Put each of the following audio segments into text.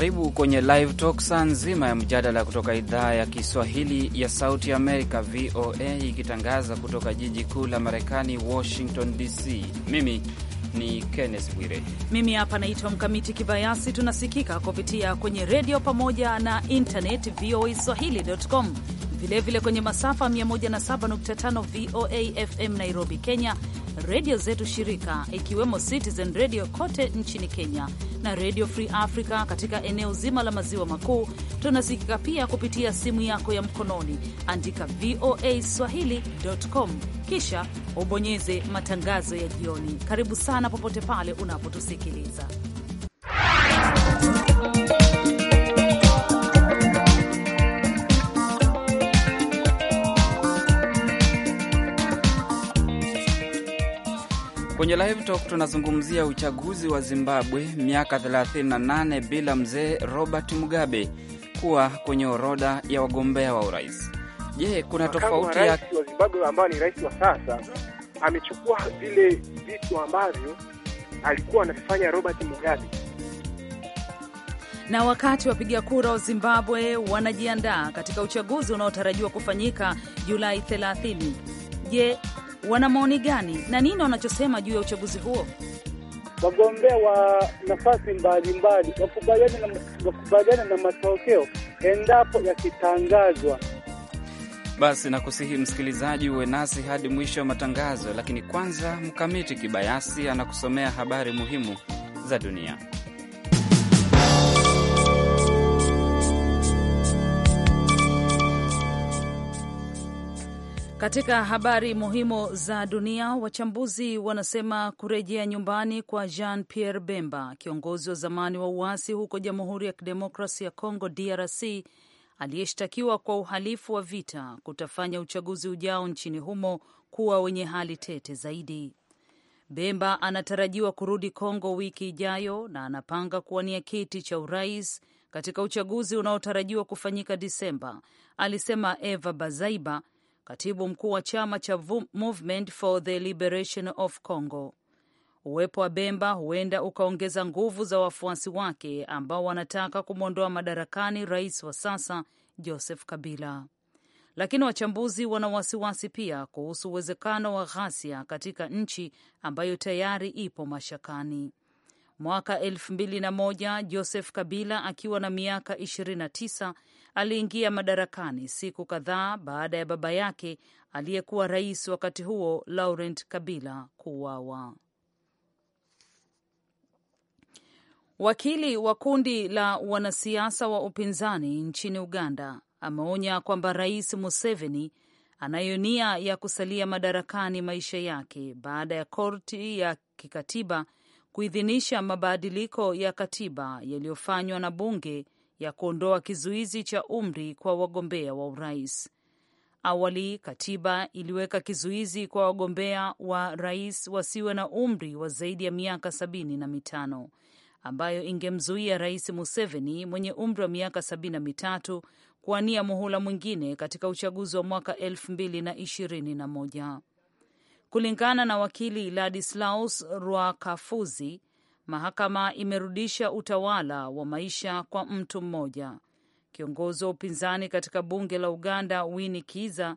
Karibu kwenye live talk, saa nzima ya mjadala kutoka idhaa ya Kiswahili ya Sauti Amerika, VOA, ikitangaza kutoka jiji kuu la Marekani, Washington DC. Mimi ni Kenneth Bwire. Mimi hapa naitwa Mkamiti Kibayasi. Tunasikika kupitia kwenye redio pamoja na internet swahili.com vilevile vile kwenye masafa 107.5 VOA FM Nairobi, Kenya, redio zetu shirika ikiwemo Citizen Radio kote nchini Kenya na Radio Free Africa katika eneo zima la maziwa makuu. Tunasikika pia kupitia simu yako ya mkononi, andika VOA swahili.com kisha ubonyeze matangazo ya jioni. Karibu sana popote pale unapotusikiliza. Kwenye Live Talk tunazungumzia uchaguzi wa Zimbabwe, miaka 38 bila mzee Robert Mugabe kuwa kwenye orodha ya wagombea wa urais. Je, kuna tofauti ya wa Zimbabwe ambayo ni rais wa sasa amechukua vile vitu ambavyo alikuwa anavifanya Robert Mugabe. Na wakati wapiga kura wa Zimbabwe wanajiandaa katika uchaguzi unaotarajiwa kufanyika Julai 30, je, wana maoni gani na nini wanachosema juu ya uchaguzi huo? Wagombea wa nafasi mbalimbali wakubaliana na matokeo endapo yakitangazwa. Basi nakusihi msikilizaji, uwe nasi hadi mwisho wa matangazo, lakini kwanza Mkamiti Kibayasi anakusomea habari muhimu za dunia. Katika habari muhimu za dunia, wachambuzi wanasema kurejea nyumbani kwa Jean Pierre Bemba, kiongozi wa zamani wa uasi huko Jamhuri ya Kidemokrasi ya congo DRC, aliyeshtakiwa kwa uhalifu wa vita, kutafanya uchaguzi ujao nchini humo kuwa wenye hali tete zaidi. Bemba anatarajiwa kurudi congo wiki ijayo na anapanga kuwania kiti cha urais katika uchaguzi unaotarajiwa kufanyika Disemba, alisema Eva Bazaiba, katibu mkuu wa chama cha Movement for the Liberation of Congo. Uwepo wa Bemba huenda ukaongeza nguvu za wafuasi wake ambao wanataka kumwondoa madarakani rais wa sasa Joseph Kabila, lakini wachambuzi wana wasiwasi pia kuhusu uwezekano wa ghasia katika nchi ambayo tayari ipo mashakani. Mwaka elfu mbili na moja Joseph Kabila akiwa na miaka 29 aliingia madarakani siku kadhaa baada ya baba yake aliyekuwa rais wakati huo Laurent Kabila kuuawa. Wakili wa kundi la wanasiasa wa upinzani nchini Uganda ameonya kwamba Rais Museveni anayo nia ya kusalia madarakani maisha yake baada ya korti ya kikatiba kuidhinisha mabadiliko ya katiba yaliyofanywa na bunge ya kuondoa kizuizi cha umri kwa wagombea wa urais. Awali katiba iliweka kizuizi kwa wagombea wa rais wasiwe na umri wa zaidi ya miaka sabini na mitano ambayo ingemzuia Rais Museveni mwenye umri wa miaka sabini na mitatu kuwania muhula mwingine katika uchaguzi wa mwaka elfu mbili na ishirini na moja. Kulingana na wakili Ladislaus Rwakafuzi, mahakama imerudisha utawala wa maisha kwa mtu mmoja. Kiongozi wa upinzani katika bunge la Uganda Winnie Kiza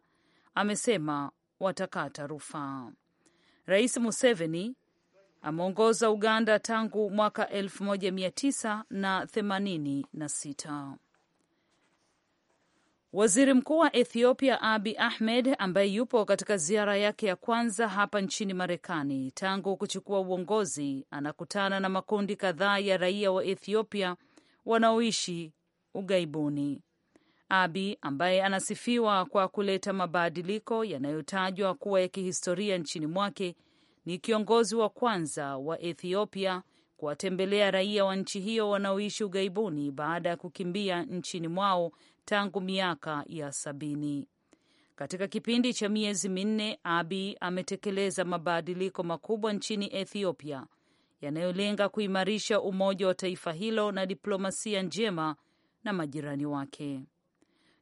amesema watakata rufaa. Rais Museveni ameongoza Uganda tangu mwaka 1986. Waziri Mkuu wa Ethiopia Abi Ahmed, ambaye yupo katika ziara yake ya kwanza hapa nchini Marekani tangu kuchukua uongozi, anakutana na makundi kadhaa ya raia wa Ethiopia wanaoishi ughaibuni. Abi ambaye anasifiwa kwa kuleta mabadiliko yanayotajwa kuwa ya kihistoria nchini mwake, ni kiongozi wa kwanza wa Ethiopia kuwatembelea raia wa nchi hiyo wanaoishi ughaibuni baada ya kukimbia nchini mwao tangu miaka ya sabini. Katika kipindi cha miezi minne, Abi ametekeleza mabadiliko makubwa nchini Ethiopia yanayolenga kuimarisha umoja wa taifa hilo na diplomasia njema na majirani wake.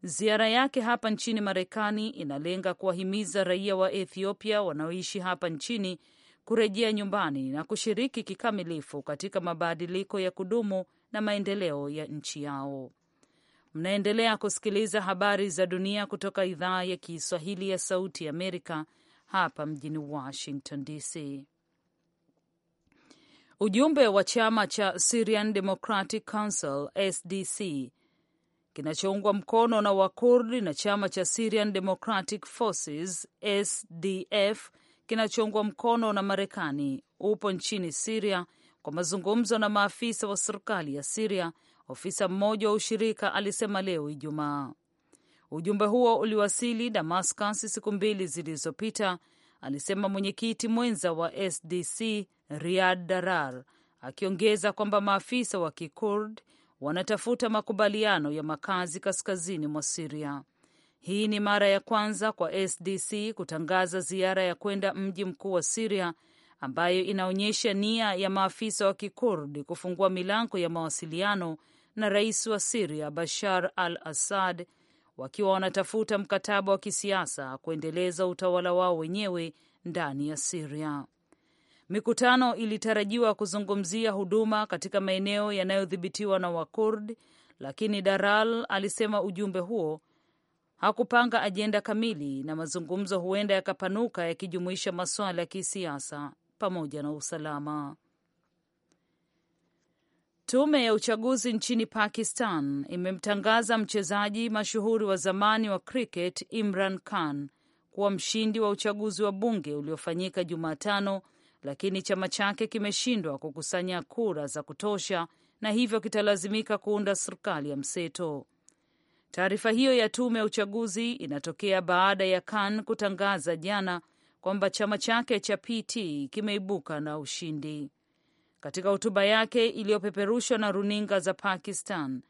Ziara yake hapa nchini Marekani inalenga kuwahimiza raia wa Ethiopia wanaoishi hapa nchini kurejea nyumbani na kushiriki kikamilifu katika mabadiliko ya kudumu na maendeleo ya nchi yao. Mnaendelea kusikiliza habari za dunia kutoka idhaa ya Kiswahili ya Sauti Amerika hapa mjini Washington DC. Ujumbe wa chama cha Syrian Democratic Council SDC kinachoungwa mkono na Wakurdi na chama cha Syrian Democratic Forces SDF kinachoungwa mkono na Marekani upo nchini Siria kwa mazungumzo na maafisa wa serikali ya Siria ofisa mmoja wa ushirika alisema leo Ijumaa. Ujumbe huo uliwasili Damascus siku mbili zilizopita, alisema mwenyekiti mwenza wa SDC Riad Darar, akiongeza kwamba maafisa wa Kikurd wanatafuta makubaliano ya makazi kaskazini mwa Siria. Hii ni mara ya kwanza kwa SDC kutangaza ziara ya kwenda mji mkuu wa Siria, ambayo inaonyesha nia ya maafisa wa Kikurdi kufungua milango ya mawasiliano na rais wa Siria Bashar al Assad wakiwa wanatafuta mkataba wa kisiasa kuendeleza utawala wao wenyewe ndani ya Siria. Mikutano ilitarajiwa kuzungumzia huduma katika maeneo yanayodhibitiwa na Wakurd, lakini Daral alisema ujumbe huo hakupanga ajenda kamili na mazungumzo huenda yakapanuka yakijumuisha masuala ya kisiasa pamoja na usalama. Tume ya uchaguzi nchini Pakistan imemtangaza mchezaji mashuhuri wa zamani wa cricket Imran Khan kuwa mshindi wa uchaguzi wa bunge uliofanyika Jumatano, lakini chama chake kimeshindwa kukusanya kura za kutosha na hivyo kitalazimika kuunda serikali ya mseto. Taarifa hiyo ya tume ya uchaguzi inatokea baada ya Khan kutangaza jana kwamba chama chake cha PT kimeibuka na ushindi. Katika hotuba yake iliyopeperushwa na runinga za Pakistan,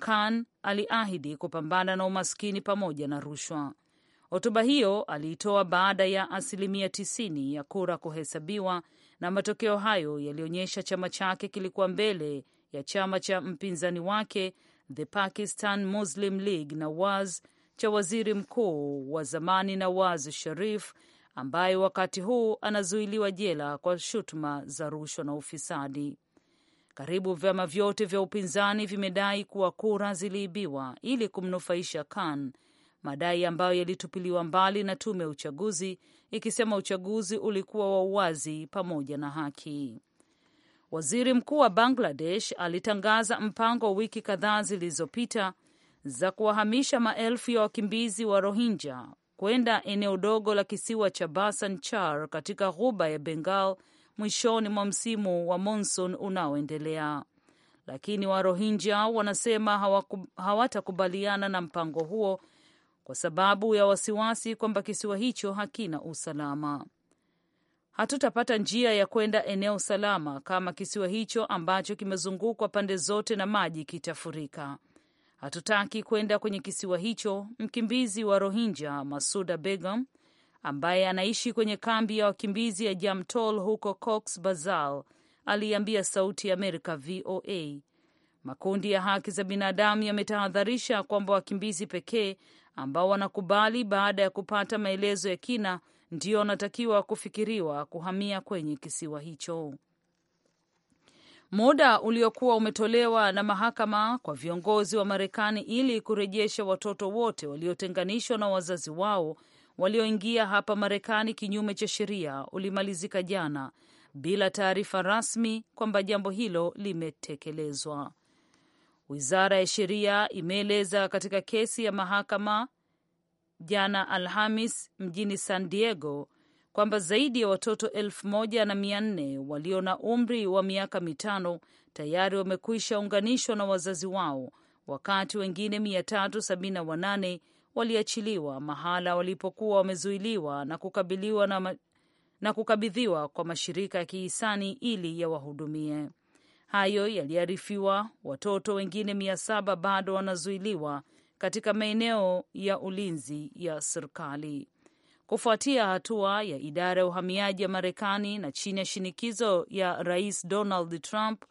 Khan aliahidi kupambana na umaskini pamoja na rushwa. Hotuba hiyo aliitoa baada ya asilimia 90 ya kura kuhesabiwa, na matokeo hayo yalionyesha chama chake kilikuwa mbele ya chama cha mpinzani wake the Pakistan Muslim League Nawaz cha waziri mkuu wa zamani Nawaz Sharif ambaye wakati huu anazuiliwa jela kwa shutuma za rushwa na ufisadi. Karibu vyama vyote vya upinzani vimedai kuwa kura ziliibiwa ili kumnufaisha Khan, madai ambayo yalitupiliwa mbali na tume ya uchaguzi ikisema uchaguzi ulikuwa wa uwazi pamoja na haki. Waziri mkuu wa Bangladesh alitangaza mpango wa wiki kadhaa zilizopita za kuwahamisha maelfu ya wakimbizi wa Rohingya kwenda eneo dogo la kisiwa cha Basan Char katika ghuba ya Bengal mwishoni mwa msimu wa monson unaoendelea, lakini Warohinja wanasema hawatakubaliana na mpango huo kwa sababu ya wasiwasi kwamba kisiwa hicho hakina usalama. Hatutapata njia ya kwenda eneo salama kama kisiwa hicho ambacho kimezungukwa pande zote na maji kitafurika hatutaki kwenda kwenye kisiwa hicho, mkimbizi wa Rohingya Masuda Begum ambaye anaishi kwenye kambi ya wakimbizi ya Jamtol huko Cox Bazar aliambia Sauti ya Amerika VOA. Makundi ya haki za binadamu yametahadharisha kwamba wakimbizi pekee ambao wanakubali baada ya kupata maelezo ya kina ndio wanatakiwa kufikiriwa kuhamia kwenye kisiwa hicho. Muda uliokuwa umetolewa na mahakama kwa viongozi wa Marekani ili kurejesha watoto wote waliotenganishwa na wazazi wao walioingia hapa Marekani kinyume cha sheria ulimalizika jana bila taarifa rasmi kwamba jambo hilo limetekelezwa. Wizara ya Sheria imeeleza katika kesi ya mahakama jana Alhamis mjini San Diego kwamba zaidi ya watoto elfu moja na mia nne walio na umri wa miaka mitano tayari wamekwisha unganishwa na wazazi wao, wakati wengine 378 waliachiliwa mahala walipokuwa wamezuiliwa na kukabiliwa na ma... na kukabidhiwa kwa mashirika ya kihisani ili yawahudumie. Hayo yaliarifiwa. Watoto wengine 7 bado wanazuiliwa katika maeneo ya ulinzi ya serikali kufuatia hatua ya idara ya uhamiaji ya Marekani na chini ya shinikizo ya Rais Donald Trump.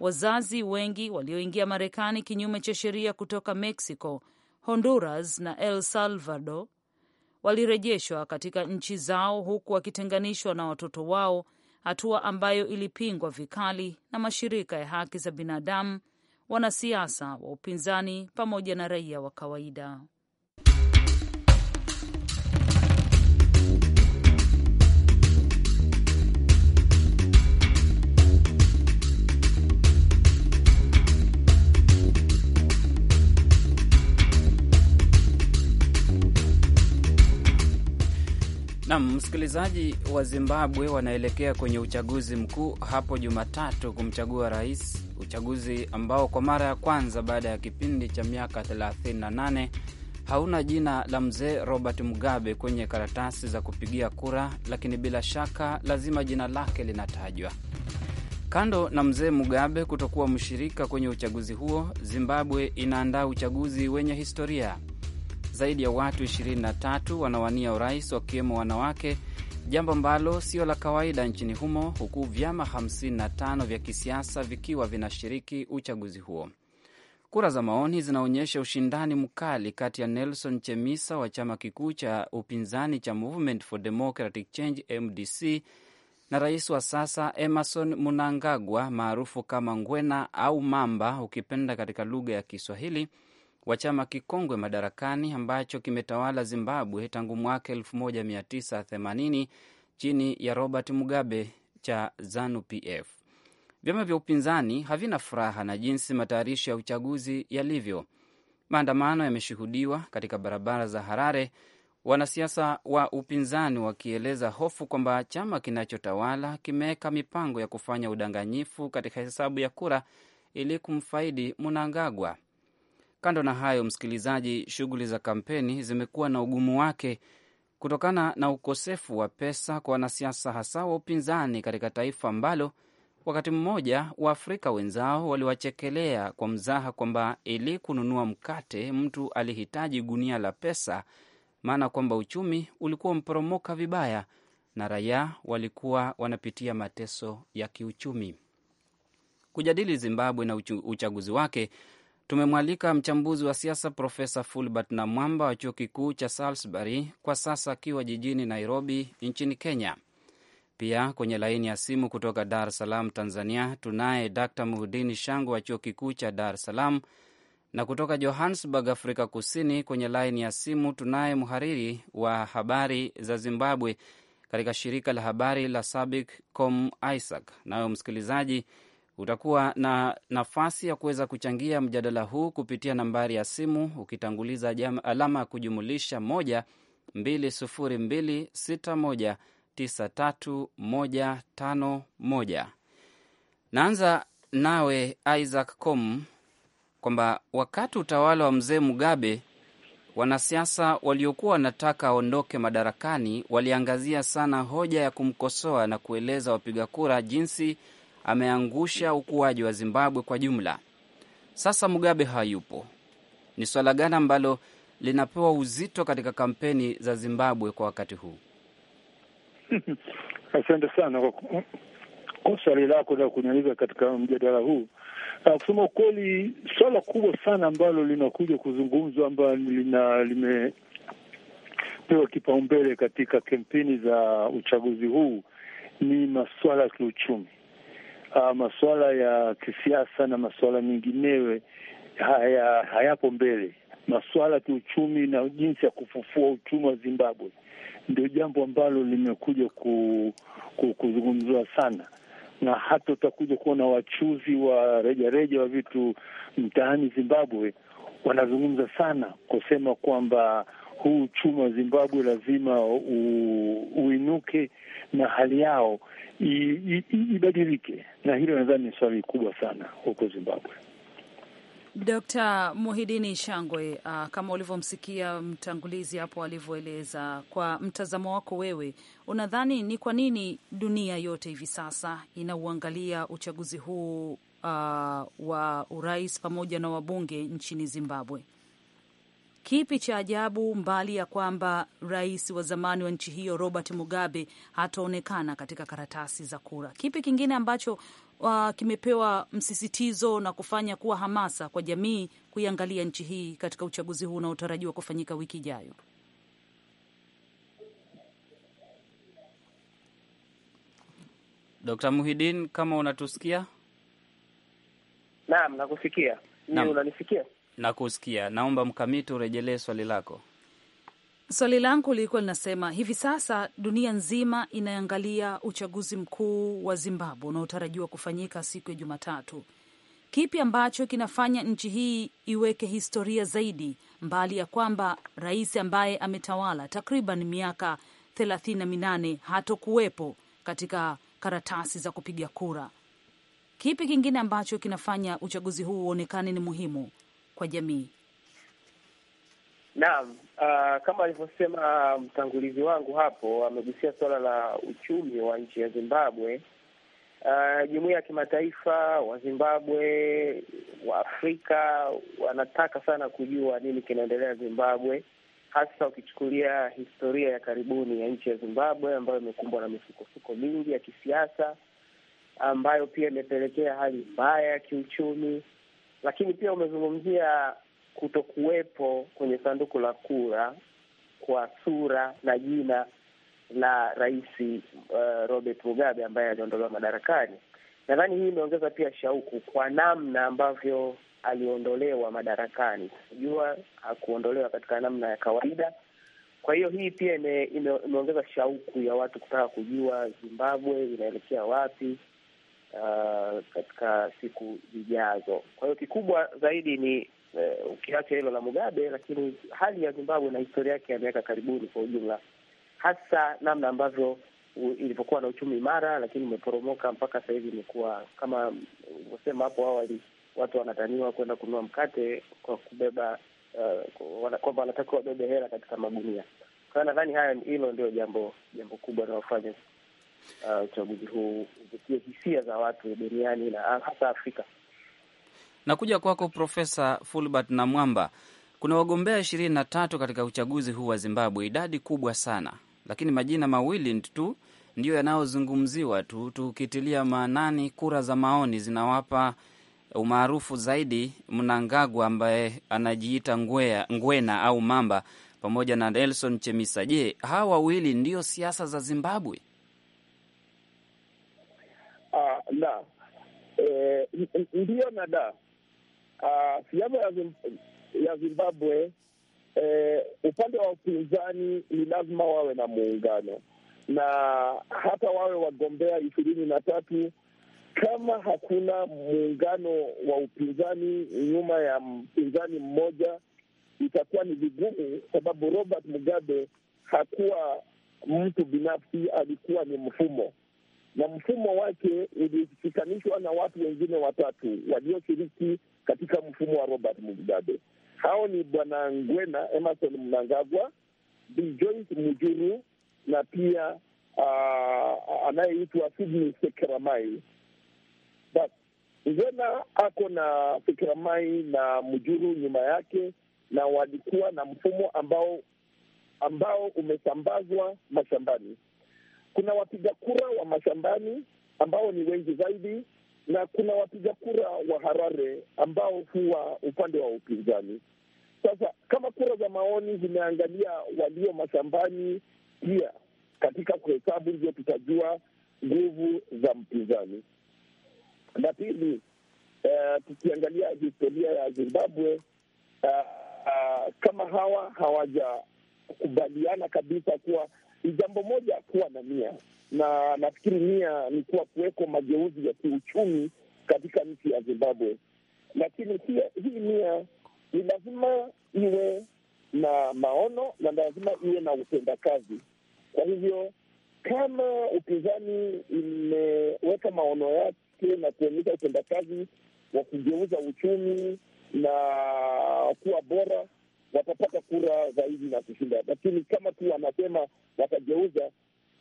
Wazazi wengi walioingia Marekani kinyume cha sheria kutoka Mexico, Honduras na El Salvador walirejeshwa katika nchi zao huku wakitenganishwa na watoto wao, hatua ambayo ilipingwa vikali na mashirika ya haki za binadamu, wanasiasa wa upinzani pamoja na raia wa kawaida. Nam msikilizaji wa Zimbabwe wanaelekea kwenye uchaguzi mkuu hapo Jumatatu kumchagua rais, uchaguzi ambao kwa mara ya kwanza baada ya kipindi cha miaka 38 hauna jina la mzee Robert Mugabe kwenye karatasi za kupigia kura, lakini bila shaka lazima jina lake linatajwa. Kando na mzee Mugabe kutokuwa mshirika kwenye uchaguzi huo, Zimbabwe inaandaa uchaguzi wenye historia zaidi ya watu 23 wanawania urais wakiwemo wanawake, jambo ambalo sio la kawaida nchini humo, huku vyama 55 vya kisiasa vikiwa vinashiriki uchaguzi huo. Kura za maoni zinaonyesha ushindani mkali kati ya Nelson Chamisa wa chama kikuu cha upinzani cha Movement for Democratic Change MDC na rais wa sasa Emerson Munangagwa maarufu kama Ngwena au Mamba ukipenda katika lugha ya Kiswahili wa chama kikongwe madarakani ambacho kimetawala Zimbabwe tangu mwaka 1980 chini ya Robert Mugabe cha ZANU-PF. Vyama vya upinzani havina furaha na jinsi matayarisho ya uchaguzi yalivyo. Maandamano yameshuhudiwa katika barabara za Harare, wanasiasa wa upinzani wakieleza hofu kwamba chama kinachotawala kimeweka mipango ya kufanya udanganyifu katika hesabu ya kura ili kumfaidi Mnangagwa. Kando na hayo, msikilizaji, shughuli za kampeni zimekuwa na ugumu wake kutokana na ukosefu wa pesa kwa wanasiasa, hasa wa upinzani katika taifa ambalo wakati mmoja Waafrika wenzao waliwachekelea kwa mzaha kwamba ili kununua mkate mtu alihitaji gunia la pesa, maana kwamba uchumi ulikuwa mporomoka vibaya na raia walikuwa wanapitia mateso ya kiuchumi. Kujadili Zimbabwe na uchaguzi wake Tumemwalika mchambuzi wa siasa Profesa Fulbert Namwamba wa chuo kikuu cha Salisbury, kwa sasa akiwa jijini Nairobi nchini Kenya. Pia kwenye laini ya simu kutoka Dar es Salaam, Tanzania, tunaye d Muhudini Shangu wa chuo kikuu cha Dar es Salaam, na kutoka Johannesburg, Afrika Kusini, kwenye laini ya simu tunaye mhariri wa habari za Zimbabwe katika shirika la habari la Sabic com Isaac. Nayo msikilizaji Utakuwa na nafasi ya kuweza kuchangia mjadala huu kupitia nambari ya simu ukitanguliza jam, alama ya kujumulisha 12026193151. Naanza nawe Isaac Com kwamba wakati utawala wa mzee Mugabe, wanasiasa waliokuwa wanataka aondoke madarakani waliangazia sana hoja ya kumkosoa na kueleza wapiga kura jinsi ameangusha ukuaji wa Zimbabwe kwa jumla. Sasa Mugabe hayupo, ni swala gani ambalo linapewa uzito katika kampeni za Zimbabwe kwa wakati huu? Asante sana kwa swali lako la kuniuliza katika mjadala huu. Ah, kusema ukweli, swala kubwa sana ambalo linakuja kuzungumzwa ambalo lina limepewa kipaumbele katika kampeni za uchaguzi huu ni masuala ya kiuchumi uh, masuala ya kisiasa na masuala menginewe haya hayapo mbele. Masuala ya kiuchumi na jinsi ya kufufua uchumi wa Zimbabwe ndio jambo ambalo limekuja ku, ku, kuzungumziwa sana, na hata utakuja kuona wachuzi wa rejareja reja wa vitu mtaani Zimbabwe wanazungumza sana kusema kwamba huu uchumi wa Zimbabwe lazima u, uinuke, na hali yao ibadilike, na hilo nadhani ni swali kubwa sana huko Zimbabwe. Dr. Muhidini Shangwe, uh, kama ulivyomsikia mtangulizi hapo alivyoeleza, kwa mtazamo wako wewe, unadhani ni kwa nini dunia yote hivi sasa inauangalia uchaguzi huu uh, wa urais pamoja na wabunge nchini Zimbabwe? Kipi cha ajabu mbali ya kwamba rais wa zamani wa nchi hiyo Robert Mugabe hataonekana katika karatasi za kura? Kipi kingine ambacho uh, kimepewa msisitizo na kufanya kuwa hamasa kwa jamii kuiangalia nchi hii katika uchaguzi huu unaotarajiwa kufanyika wiki ijayo? Dkt. Muhidin, kama unatusikia? Naam, nakusikia. Unanisikia? na kusikia. Naomba Mkamiti urejelee swali lako. Swali langu lilikuwa linasema hivi sasa dunia nzima inaangalia uchaguzi mkuu wa Zimbabwe unaotarajiwa kufanyika siku ya Jumatatu. Kipi ambacho kinafanya nchi hii iweke historia zaidi, mbali ya kwamba rais ambaye ametawala takriban miaka thelathini na minane hatokuwepo katika karatasi za kupiga kura? Kipi kingine ambacho kinafanya uchaguzi huu uonekane ni muhimu kwa jamii? Naam, uh, kama alivyosema mtangulizi wangu hapo, amegusia suala la uchumi wa nchi ya Zimbabwe. Uh, jumuiya ya kimataifa wa Zimbabwe, wa Afrika wanataka sana kujua nini kinaendelea Zimbabwe, hasa ukichukulia historia ya karibuni ya nchi ya Zimbabwe ambayo imekumbwa na misukosuko mingi ya kisiasa ambayo pia imepelekea hali mbaya ya kiuchumi lakini pia umezungumzia kutokuwepo kwenye sanduku la kura kwa sura na jina la rais uh, Robert Mugabe ambaye aliondolewa madarakani. Nadhani hii imeongeza pia shauku kwa namna ambavyo aliondolewa madarakani. Unajua, hakuondolewa katika namna ya kawaida. Kwa hiyo hii pia ime, ime, imeongeza shauku ya watu kutaka kujua Zimbabwe inaelekea wapi, uh, katika siku zijazo. Kwa hiyo kikubwa zaidi ni uh, ukiacha hilo la Mugabe, lakini hali ya Zimbabwe na historia yake ya miaka karibuni kwa ujumla, hasa namna ambavyo ilivyokuwa na uchumi imara, lakini umeporomoka mpaka sasa hivi imekuwa kama ulivyosema hapo awali, watu wanataniwa kwenda kununua mkate kwa kubeba uh, kwamba wanatakiwa wabebe hela katika magunia. Kwa hiyo nadhani hilo ndio jambo jambo kubwa linalofanya Uh, uchaguzi uh, huu uvutie hisia za watu duniani na hasa Afrika. Nakuja kwako Profesa Fulbert na Mwamba, kuna wagombea ishirini na tatu katika uchaguzi huu wa Zimbabwe, idadi kubwa sana, lakini majina mawili tu ndiyo yanayozungumziwa tu, tukitilia maanani kura za maoni zinawapa umaarufu zaidi Mnangagwa ambaye anajiita ngwea, ngwena au mamba pamoja na Nelson Chemisa. Je, hawa wawili ndio siasa za Zimbabwe? Ah, la eh, ndiyo na da siasa ah, ya, ya Zimbabwe eh, upande wa upinzani ni lazima wawe na muungano na hata wawe wagombea ishirini na tatu kama hakuna muungano wa upinzani nyuma ya mpinzani mmoja itakuwa ni vigumu, sababu Robert Mugabe hakuwa mtu binafsi, alikuwa ni mfumo na mfumo wake ulishikanishwa na watu wengine watatu walioshiriki katika mfumo wa Robert Mugabe. Hao ni bwana Ngwena Emerson Mnangagwa, Bi Joyce Mujuru na pia uh, anayeitwa Sidney Sekeramai. Ngwena ako na Sekeramai na Mujuru nyuma yake, na walikuwa na mfumo ambao ambao umesambazwa mashambani kuna wapiga kura wa mashambani ambao ni wengi zaidi, na kuna wapiga kura wa Harare ambao huwa upande wa upinzani. Sasa kama kura za maoni zimeangalia walio mashambani, pia katika kuhesabu ndio tutajua nguvu za mpinzani. La pili, uh, tukiangalia historia ya Zimbabwe uh, uh, kama hawa hawajakubaliana kabisa kuwa ni jambo moja kuwa na nia, na nafikiri nia ni kuwa kuweko mageuzi ya kiuchumi katika nchi ya Zimbabwe, lakini pia hii nia ni lazima iwe na maono na lazima iwe na utendakazi. Kwa hivyo kama upinzani imeweka maono yake na kuonyesha utendakazi wa kugeuza uchumi na kuwa bora, watapata kura zaidi na kushinda, lakini kama tu wanasema watageuza,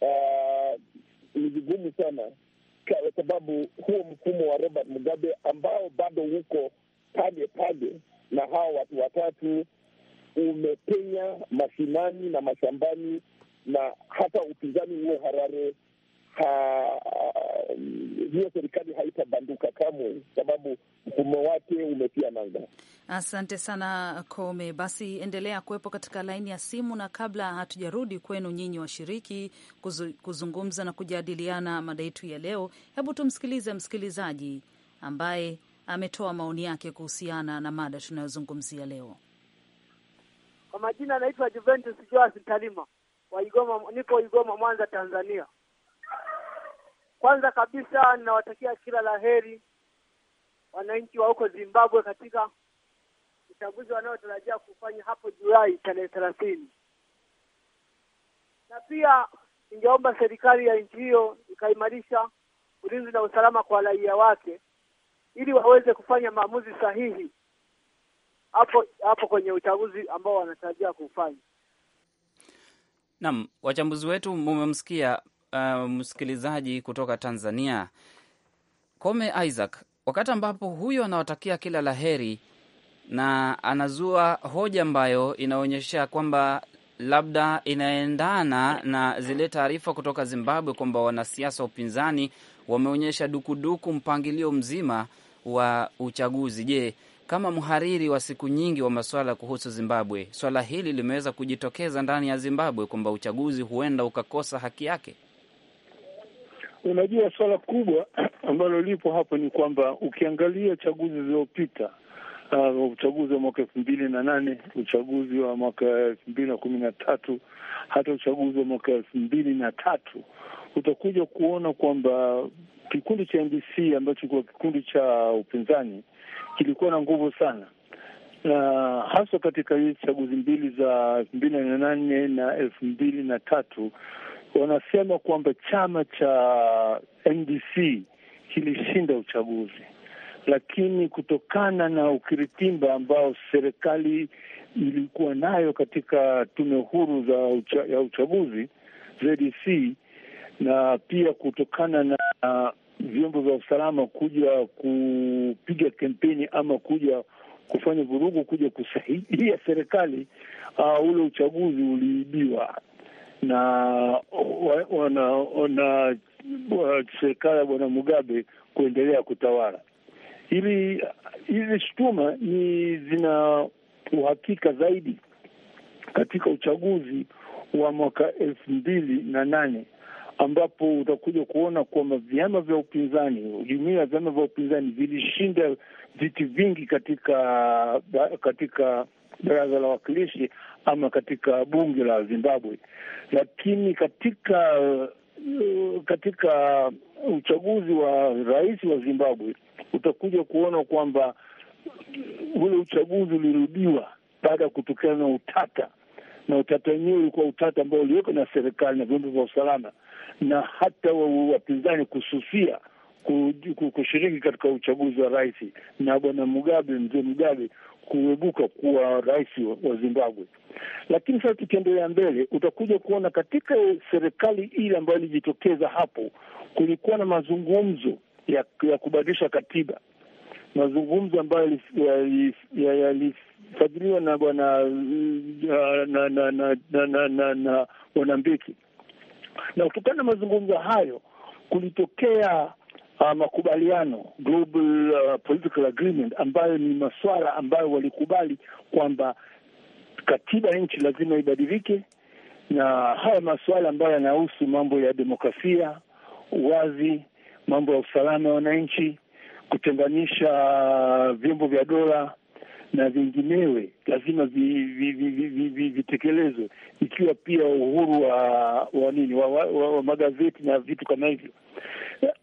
uh, ni vigumu sana kwa sababu huo mfumo wa Robert Mugabe ambao bado uko pale pale na hawa watu watatu umepenya mashinani na mashambani, na hata upinzani huo harare Ah, ah, hiyo serikali haitabanduka kamwe, sababu mfumo wake umetia nanga. Asante sana Kome, basi endelea kuwepo katika laini ya simu, na kabla hatujarudi kwenu nyinyi washiriki kuzu, kuzungumza na kujadiliana mada yetu ya leo, hebu tumsikilize msikilizaji ambaye ametoa maoni yake kuhusiana na mada tunayozungumzia leo. Kwa majina anaitwa Juventus Joas Talima wa Igoma, nipo Igoma, Mwanza, Tanzania. Kwanza kabisa ninawatakia kila la heri wananchi wa huko Zimbabwe katika uchaguzi wanaotarajia kufanya hapo Julai tarehe thelathini, na pia ningeomba serikali ya nchi hiyo ikaimarisha ulinzi na usalama kwa raia wake ili waweze kufanya maamuzi sahihi hapo hapo kwenye uchaguzi ambao wanatarajia kufanya. Naam, wachambuzi wetu mumemsikia uh, msikilizaji kutoka Tanzania, Kome Isaac, wakati ambapo huyo anawatakia kila laheri na anazua hoja ambayo inaonyesha kwamba labda inaendana na zile taarifa kutoka Zimbabwe kwamba wanasiasa wa upinzani wameonyesha dukuduku mpangilio mzima wa uchaguzi. Je, kama mhariri wa siku nyingi wa masuala kuhusu Zimbabwe, swala hili limeweza kujitokeza ndani ya Zimbabwe kwamba uchaguzi huenda ukakosa haki yake? Unajua, suala kubwa ambalo lipo hapo ni kwamba ukiangalia chaguzi zilizopita, uh, uchaguzi wa mwaka elfu mbili na nane, uchaguzi wa mwaka elfu mbili na kumi na tatu, hata uchaguzi wa mwaka elfu mbili na tatu, utakuja kuona kwamba kikundi cha MBC ambacho kuwa kikundi cha upinzani kilikuwa na nguvu sana na uh, haswa katika hizi chaguzi mbili za elfu mbili na nane na elfu mbili na tatu wanasema kwamba chama cha NDC kilishinda uchaguzi, lakini kutokana na ukiritimba ambao serikali ilikuwa nayo katika tume huru za ucha, ya uchaguzi ZDC na pia kutokana na vyombo vya usalama kuja kupiga kampeni ama kuja kufanya vurugu, kuja kusaidia serikali, uh, ule uchaguzi uliibiwa na wana serikali ya Bwana Mugabe kuendelea kutawala. Ili hizi shutuma ni zina uhakika zaidi katika uchaguzi wa mwaka elfu mbili na nane ambapo utakuja kuona kwamba vyama vya upinzani, jumuia ya vyama vya upinzani vilishinda viti vingi katika katika baraza la wakilishi ama katika bunge la Zimbabwe, lakini katika uh, katika uchaguzi wa rais wa Zimbabwe utakuja kuona kwamba ule uchaguzi ulirudiwa baada ya kutokana na utata, na utata wenyewe ulikuwa utata ambao uliwekwa na serikali na vyombo vya usalama na hata wapinzani kususia kushiriki katika uchaguzi wa rais, na bwana Mugabe, mzee Mugabe kuibuka kuwa rais wa Zimbabwe. Lakini sasa tukiendelea mbele, utakuja kuona katika serikali ile ambayo ilijitokeza hapo, kulikuwa na mazungumzo ya, ya kubadilisha katiba, mazungumzo ambayo yalifadhiliwa na bwana na na na na na na Bwana Mbeki, na kutokana na mazungumzo hayo kulitokea uh, makubaliano global uh, political agreement, ambayo ni masuala ambayo walikubali kwamba katiba ya nchi lazima ibadilike, na haya masuala ambayo yanahusu mambo ya demokrasia, uwazi, mambo ya usalama ya wananchi, kutenganisha uh, vyombo vya dola na vinginewe lazima vitekelezwe vi, vi, vi, vi, ikiwa pia uhuru wa wa nini wa, wa, wa, magazeti na vitu kama hivyo. Eh,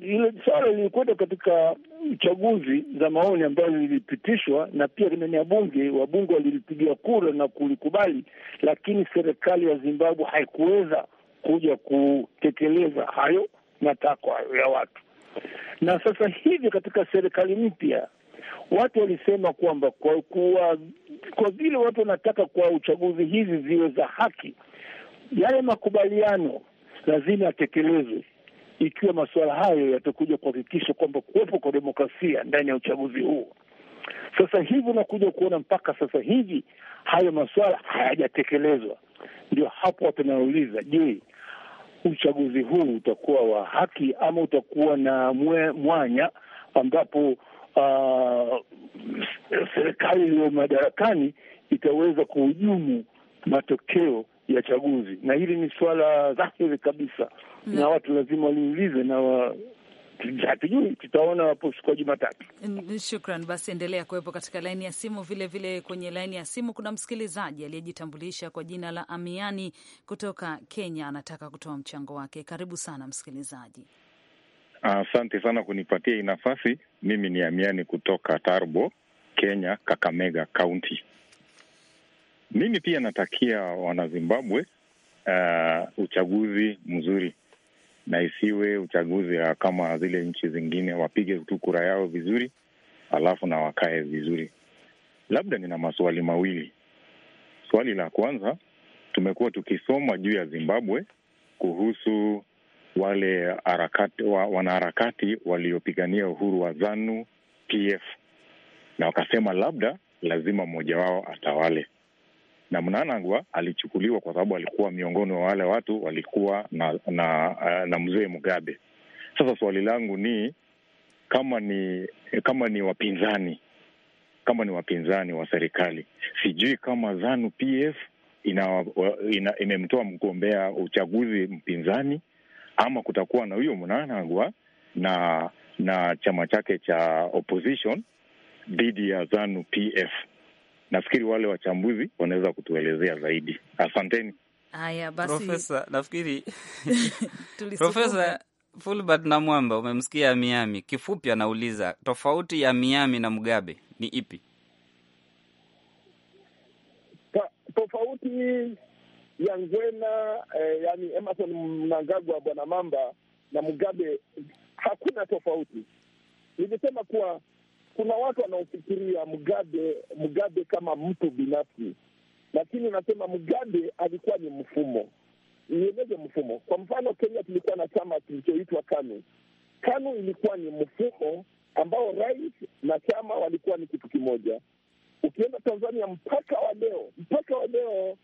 ile swala lilikwenda katika uchaguzi za maoni ambayo lilipitishwa na pia ndani ya bunge, wabunge walilipigia kura na kulikubali, lakini serikali ya Zimbabwe haikuweza kuja kutekeleza hayo matakwa ya watu, na sasa hivi katika serikali mpya Watu walisema kwamba kwa kuwa kwa vile watu wanataka kwa uchaguzi hizi ziwe za haki, yale makubaliano lazima yatekelezwe, ikiwa masuala hayo yatakuja kuhakikisha kwamba kuwepo kwa demokrasia ndani ya uchaguzi huo Sasa hivi unakuja kuona mpaka sasa hivi hayo masuala hayajatekelezwa. Ndio hapo watu wanauliza, je, uchaguzi huu utakuwa wa haki ama utakuwa na mwe, mwanya ambapo uh, serikali iliyo madarakani itaweza kuhujumu matokeo ya chaguzi, na hili ni suala dhahiri kabisa mm. na watu lazima waliulize na wa hatujui tutaona hapo siku ya Jumatatu. Mm, shukran. Basi endelea kuwepo katika laini ya simu. vilevile vile kwenye laini ya simu kuna msikilizaji aliyejitambulisha kwa jina la Amiani kutoka Kenya, anataka kutoa mchango wake. Karibu sana msikilizaji. Asante uh, sana kunipatia hii nafasi. Mimi ni Amiani kutoka Tarbo, Kenya, Kakamega Kaunti. Mimi pia natakia Wanazimbabwe uh, uchaguzi mzuri na isiwe uchaguzi uh, kama zile nchi zingine, wapige tu kura yao vizuri, alafu na wakae vizuri. Labda nina maswali mawili. Swali la kwanza, tumekuwa tukisoma juu ya Zimbabwe kuhusu wale harakati, wa, wanaharakati waliopigania uhuru wa ZANU PF, na wakasema labda lazima mmoja wao atawale, na Mnangagwa alichukuliwa kwa sababu alikuwa miongoni wa wale watu walikuwa na na, eh, na mzee Mugabe. Sasa swali langu ni kama ni kama ni wapinzani kama ni wapinzani wa serikali, sijui kama ZANU PF ina, ina, imemtoa mgombea uchaguzi mpinzani ama kutakuwa na huyo mnanagwa na na chama chake cha opposition dhidi ya Zanu PF. Nafikiri wale wachambuzi wanaweza kutuelezea zaidi. Asanteni. Haya basi, Profesa, nafikiri Profesa Fulbert na Mwamba, umemsikia Miami. Kifupi anauliza tofauti ya Miami na Mugabe ni ipi? Ta, tofauti ya Ngwena eh, yani Emerson Mnangagwa, bwana Mamba na Mugabe hakuna tofauti. Nilisema kuwa kuna watu wanaofikiria Mugabe Mugabe kama mtu binafsi, lakini nasema Mugabe alikuwa ni mfumo. Nieleze mfumo. Kwa mfano, Kenya tulikuwa na chama kilichoitwa KANU. KANU ilikuwa ni mfumo ambao rais na chama walikuwa ni kitu kimoja. Ukienda Tanzania mpaka wa leo, mpaka wa leo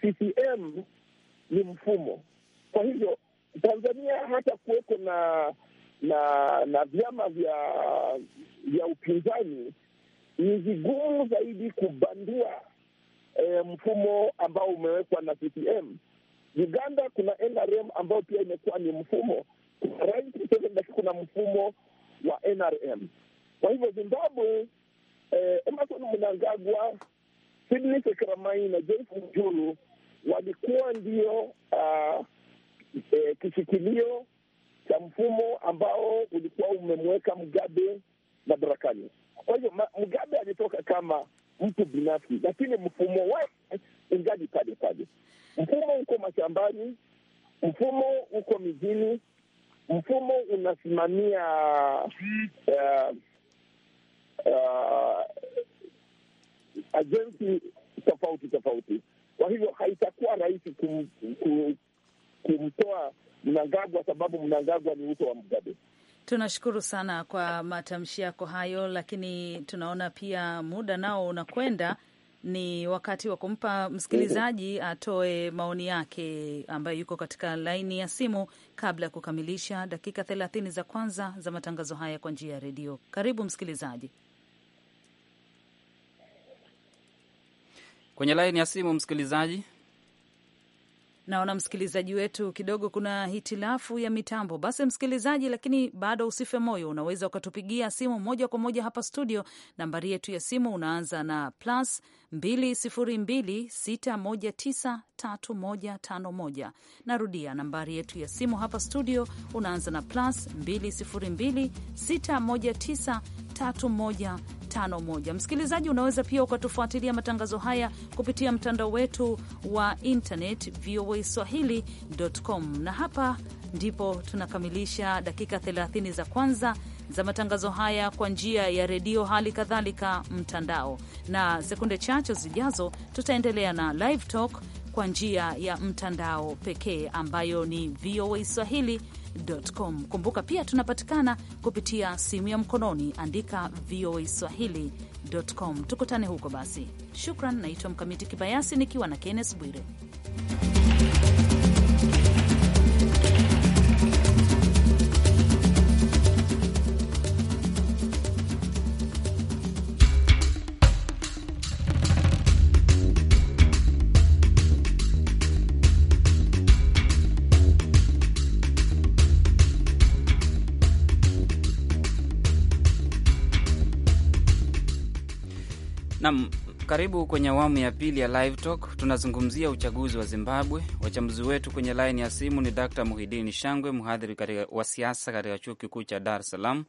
CCM ni mfumo. Kwa hivyo Tanzania hata kuweko na na na vyama vya vya upinzani ni vigumu zaidi kubandua e, mfumo ambao umewekwa na CCM. Uganda kuna NRM ambao pia imekuwa ni mfumo, kuna Rais Museveni, lakini kuna mfumo wa NRM. Kwa hivyo Zimbabwe, e, Emerson Mnangagwa Sidney Sekeramai na Joyce Mujuru walikuwa ndio uh, eh, kishikilio cha mfumo ambao ulikuwa umemweka Mugabe madarakani. Kwa hivyo Mugabe alitoka kama mtu binafsi, lakini mfumo wake ungali pale pale. Mfumo uko mashambani, mfumo uko mijini, mfumo unasimamia uh, uh, ajensi tofauti tofauti. Kwa hivyo haitakuwa rahisi kum, kum, kumtoa Mnangagwa sababu Mnangagwa ni uso wa mgabe Tunashukuru sana kwa matamshi yako hayo, lakini tunaona pia muda nao unakwenda. Ni wakati wa kumpa msikilizaji atoe maoni yake ambayo yuko katika laini ya simu, kabla ya kukamilisha dakika thelathini za kwanza za matangazo haya kwa njia ya redio. Karibu msikilizaji. kwenye laini ya simu, msikilizaji. Naona msikilizaji wetu kidogo kuna hitilafu ya mitambo. Basi msikilizaji, lakini bado usife moyo, unaweza ukatupigia simu moja kwa moja hapa studio. Nambari yetu ya simu unaanza na plus 2026193151. Narudia nambari yetu ya simu hapa studio, unaanza na plus 2026193151. Msikilizaji, unaweza pia ukatufuatilia matangazo haya kupitia mtandao wetu wa internet voaswahili.com, na hapa ndipo tunakamilisha dakika 30 za kwanza za matangazo haya kwa njia ya redio, hali kadhalika mtandao. Na sekunde chache zijazo, tutaendelea na live talk kwa njia ya mtandao pekee ambayo ni VOA Swahili.com. Kumbuka pia tunapatikana kupitia simu ya mkononi, andika VOA Swahili.com. Tukutane huko basi. Shukran, naitwa Mkamiti Kibayasi nikiwa na Kennes Bwire. Nam, karibu kwenye awamu ya pili ya Live Talk. Tunazungumzia uchaguzi wa Zimbabwe. Wachambuzi wetu kwenye laini ya simu ni dr Muhidini Shangwe, mhadhiri wa siasa katika chuo kikuu cha Dar es Salaam,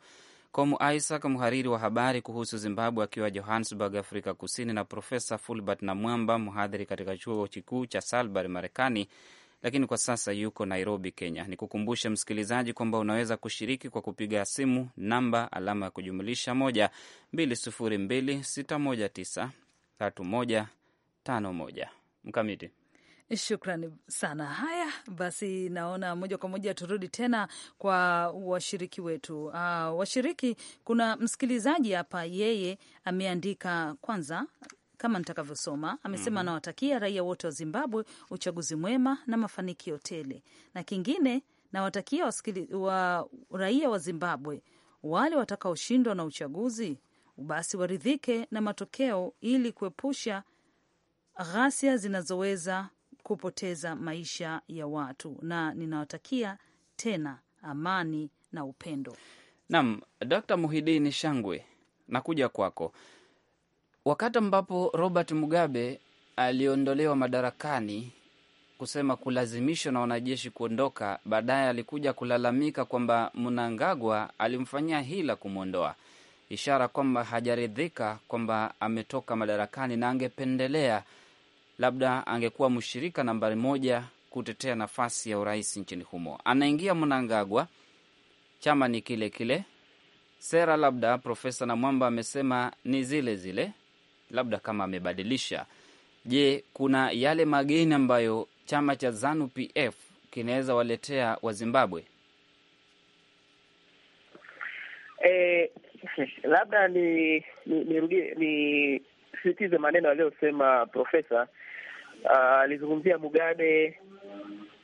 Komu Isaac, mhariri wa habari kuhusu Zimbabwe akiwa Johannesburg, Afrika Kusini, na Profesa Fulbert Namwamba, mhadhiri katika chuo kikuu cha Salbari, Marekani, lakini kwa sasa yuko Nairobi, Kenya. Nikukumbushe msikilizaji kwamba unaweza kushiriki kwa kupiga simu namba alama ya kujumulisha tatu moja tano moja. Mkamiti, Shukrani sana. Haya basi, naona moja kwa moja turudi tena kwa washiriki wetu. Uh, washiriki, kuna msikilizaji hapa, yeye ameandika kwanza kama nitakavyosoma, amesema mhm. anawatakia mm -hmm. raia wote wa Zimbabwe uchaguzi mwema na mafanikio tele, na kingine nawatakia wa raia wa Zimbabwe wale watakaoshindwa na uchaguzi basi waridhike na matokeo ili kuepusha ghasia zinazoweza kupoteza maisha ya watu, na ninawatakia tena amani na upendo. Naam, d Muhidini Shangwe, nakuja kwako wakati ambapo Robert Mugabe aliondolewa madarakani kusema kulazimishwa na wanajeshi kuondoka. Baadaye alikuja kulalamika kwamba Mnangagwa alimfanyia hila kumwondoa, ishara kwamba hajaridhika kwamba ametoka madarakani na angependelea labda angekuwa mshirika nambari moja kutetea nafasi ya urais nchini humo. Anaingia Mnangagwa, chama ni kile kile, sera labda, Profesa Namwamba amesema ni zile zile, labda kama amebadilisha. Je, kuna yale mageni ambayo chama cha Zanu PF kinaweza waletea Wazimbabwe? E, eh, labda ni nirudie nisisitize ni maneno aliyosema Profesa ah, alizungumzia uh, Mugabe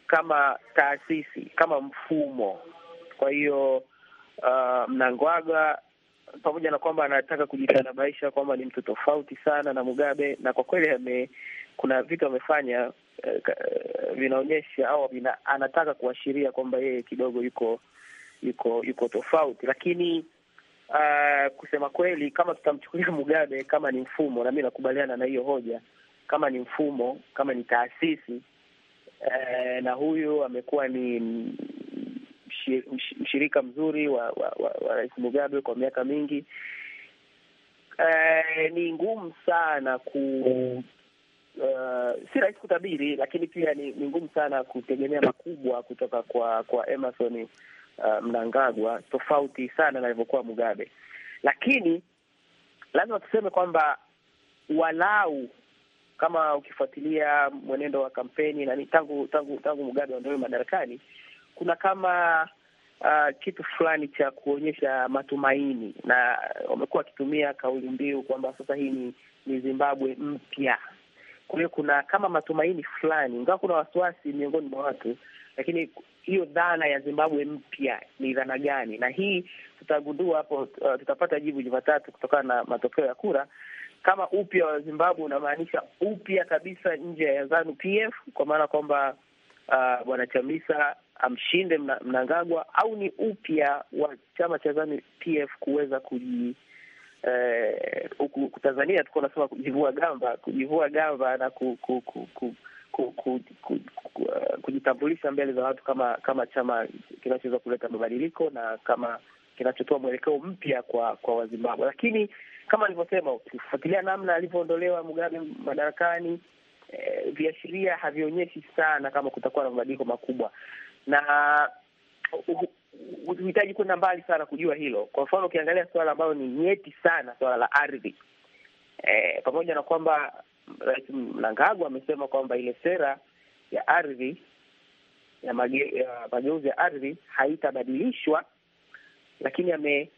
kama taasisi kama mfumo. Kwa hiyo uh, Mnangagwa pamoja na kwamba anataka kujitanabaisha kwamba ni mtu tofauti sana na Mugabe, na kwa kweli ame, kuna vitu amefanya uh, vinaonyesha au vina, anataka kuashiria kwamba yeye kidogo yuko yuko yuko tofauti, lakini uh, kusema kweli, kama tutamchukulia Mugabe kama ni mfumo, na mi nakubaliana na hiyo hoja, kama ni mfumo, kama ni taasisi uh, na huyu amekuwa ni mshirika mzuri wa, wa, wa, wa Rais Mugabe kwa miaka mingi. E, ni ngumu sana ku uh, si rahisi kutabiri, lakini pia ni, ni ngumu sana kutegemea makubwa kutoka kwa kwa Emerson uh, Mnangagwa, tofauti sana na alivyokuwa Mugabe, lakini lazima tuseme kwamba walau kama ukifuatilia mwenendo wa kampeni nani, tangu tangu tangu Mugabe aondolewe madarakani kuna kama uh, kitu fulani cha kuonyesha matumaini, na wamekuwa wakitumia kauli mbiu kwamba sasa hii ni, ni Zimbabwe mpya. Kwa hiyo kuna kama matumaini fulani, ingawa kuna wasiwasi miongoni mwa watu, lakini hiyo dhana ya Zimbabwe mpya ni dhana gani? Na hii tutagundua hapo, uh, tutapata jibu Jumatatu kutokana na matokeo ya kura, kama upya wa Zimbabwe unamaanisha upya kabisa nje ya ZANU PF, kwa maana kwamba uh, bwana Chamisa amshinde mna, Mnangagwa au ni upya wa chama cha Zanu PF kuweza kuji eh, huku uh, Tanzania tuko nasema kujivua gamba, kujivua gamba na ku, ku, ku, ku, ku, ku, ku, ku, eh, kujitambulisha mbele za watu kama kama chama kinachoweza kuleta mabadiliko na kama kinachotoa mwelekeo mpya kwa kwa Wazimbabwe. Lakini kama alivyosema, ukifuatilia namna alivyoondolewa Mugabe madarakani Eh, viashiria havionyeshi sana kama kutakuwa na mabadiliko makubwa, na huhitaji kwenda mbali sana kujua hilo. Kwa mfano, ukiangalia suala ambalo ni nyeti sana, suala la ardhi e, pamoja na kwamba Rais Mnangagwa amesema kwamba ile sera ya ardhi ya mageuzi ya ardhi haitabadilishwa, lakini ame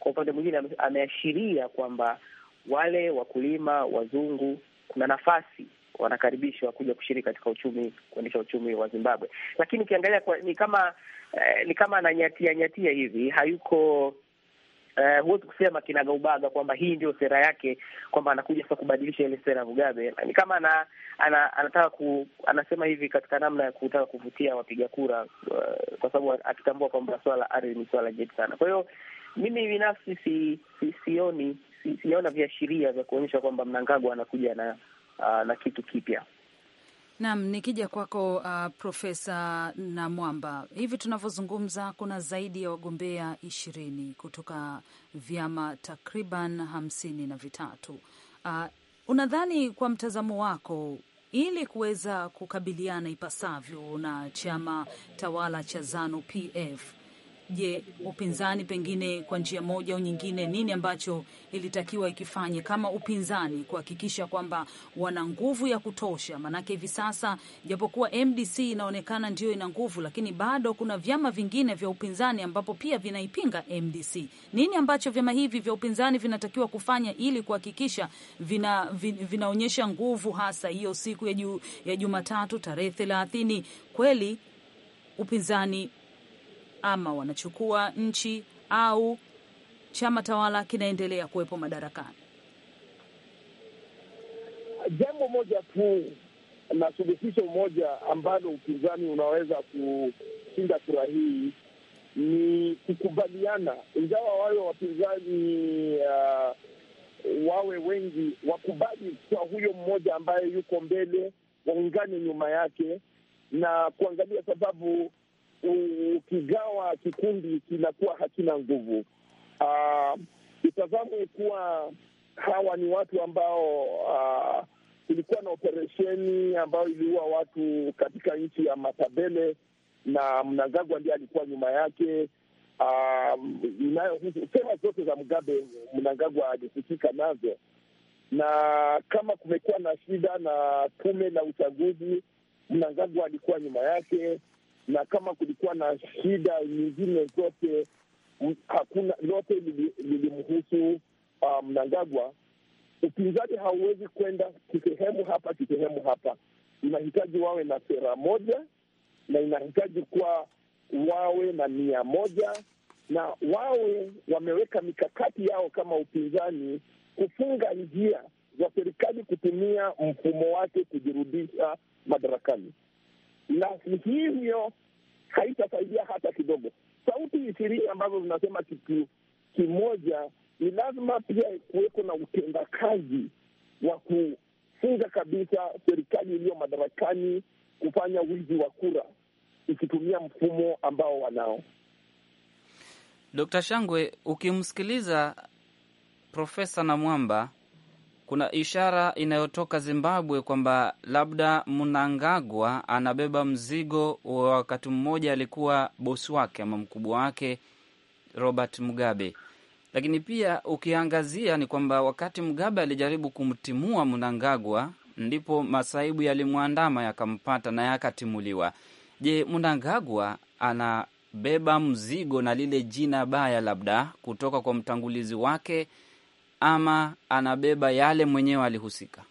kwa upande mwingine ameashiria kwamba wale wakulima wazungu kuna nafasi wanakaribishwa kuja kushiriki katika uchumi, kuendesha uchumi wa Zimbabwe. Lakini ukiangalia ni kama eh, ni kama ananyatia nyatia hivi, hayuko Uh, huwezi kusema kinaga ubaga kwamba hii ndio sera yake, kwamba anakuja sasa kubadilisha ile sera ya Mugabe. Ni kama ana, ana, anataka ku, anasema hivi katika namna ya kutaka kuvutia wapiga kura uh, kwa sababu akitambua kwamba swala la ardhi ni swala jeti sana. Kwa hiyo mimi binafsi si, si, sioni si, siona viashiria vya kuonyesha kwamba Mnangagwa anakuja na Uh, na kitu kipya. Naam, nikija kwako uh, Profesa Namwamba, hivi tunavyozungumza kuna zaidi ya wagombea ishirini kutoka vyama takriban hamsini na vitatu. Uh, unadhani kwa mtazamo wako ili kuweza kukabiliana ipasavyo na chama tawala cha Zanu PF Je, upinzani pengine kwa njia moja au nyingine, nini ambacho ilitakiwa ikifanye kama upinzani kuhakikisha kwamba wana nguvu ya kutosha? Maanake hivi sasa japokuwa MDC inaonekana ndiyo ina nguvu, lakini bado kuna vyama vingine vya upinzani ambapo pia vinaipinga MDC. Nini ambacho vyama hivi vya upinzani vinatakiwa kufanya ili kuhakikisha vina, vina, vinaonyesha nguvu hasa hiyo siku ya Jumatatu tarehe thelathini kweli upinzani ama wanachukua nchi au chama tawala kinaendelea kuwepo madarakani? Jambo moja tu na suluhisho moja ambalo upinzani unaweza kushinda kura hii ni kukubaliana, ingawa wawe wapinzani uh, wawe wengi, wakubali kwa huyo mmoja ambaye yuko mbele, waungane nyuma yake na kuangalia sababu ukigawa kikundi kinakuwa hakina nguvu. Ah, Itazamwe kuwa hawa ni watu ambao uh, kulikuwa na operesheni ambayo iliua watu katika nchi ya Matabele na Mnangagwa ndiye alikuwa nyuma yake. Um, ah, inayohusu sera zote za mgabe Mnangagwa alisikika nazo, na kama kumekuwa na shida na tume la uchaguzi, Mnangagwa alikuwa nyuma yake na kama kulikuwa na shida nyingine zote, hakuna lote lilimhusu ah, Mnangagwa. Um, upinzani hauwezi kwenda kisehemu hapa kisehemu hapa, inahitaji wawe na sera moja na inahitaji kuwa wawe na nia moja na wawe wameweka mikakati yao kama upinzani kufunga njia za serikali kutumia mfumo wake kujirudisha madarakani na hivyo haitasaidia hata kidogo. Sauti ishirini ambazo zinasema kitu kimoja, ni lazima pia kuweko na utendakazi wa kufunga kabisa serikali iliyo madarakani kufanya wizi wa kura ikitumia mfumo ambao wanao. Dkt Shangwe, ukimsikiliza Profesa Namwamba kuna ishara inayotoka Zimbabwe kwamba labda Mnangagwa anabeba mzigo wa wakati mmoja alikuwa bosi wake ama mkubwa wake Robert Mugabe. Lakini pia ukiangazia ni kwamba wakati Mugabe alijaribu kumtimua Mnangagwa, ndipo masaibu yalimwandama yakampata na yakatimuliwa. Je, Mnangagwa anabeba mzigo na lile jina baya labda kutoka kwa mtangulizi wake ama anabeba yale mwenyewe alihusika?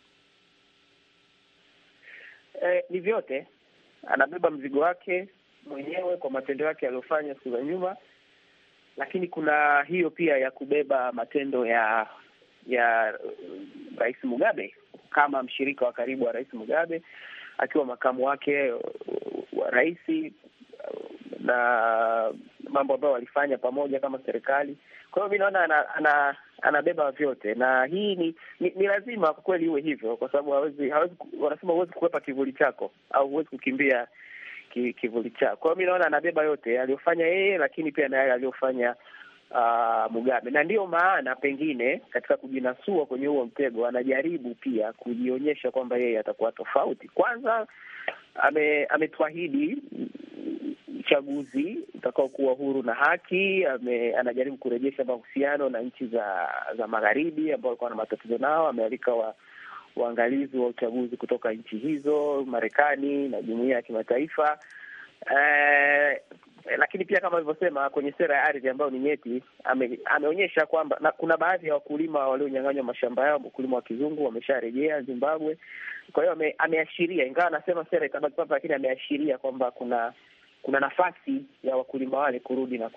Eh, ni vyote. Anabeba mzigo wake mwenyewe kwa matendo yake aliyofanya siku za nyuma, lakini kuna hiyo pia ya kubeba matendo ya ya Rais Mugabe kama mshirika wa karibu wa Rais Mugabe akiwa makamu wake wa rais na mambo ambayo walifanya pamoja kama serikali. Kwa hiyo mi naona ana, ana, anabeba vyote, na hii ni ni, ni lazima kwa kweli iwe hivyo, kwa sababu hawezi, hawezi, wanasema huwezi kukwepa kivuli chako au huwezi kukimbia ki, kivuli chako. Kwa hiyo mi naona anabeba yote aliyofanya yeye, lakini pia na yale aliyofanya Uh, ah, Mugabe na ndiyo maana pengine katika kujinasua kwenye huo mtego anajaribu pia kujionyesha kwamba yeye atakuwa tofauti. Kwanza ametwahidi uchaguzi utakao kuwa huru na haki. Ame, anajaribu kurejesha mahusiano na nchi za za magharibi ambao walikuwa na matatizo nao. Amealika wa, waangalizi wa uchaguzi kutoka nchi hizo, Marekani na jumuia ya kimataifa. Eh, Eh, lakini pia kama alivyosema kwenye sera ya ardhi ambayo ni nyeti, ame, ameonyesha kwamba na kuna baadhi ya wakulima walionyang'anywa mashamba yao, wakulima wa kizungu wamesharejea Zimbabwe. Kwa hiyo ame, ameashiria, ingawa anasema sera itabaki papa, lakini ameashiria kwamba kuna kuna nafasi ya wakulima wale kurudi na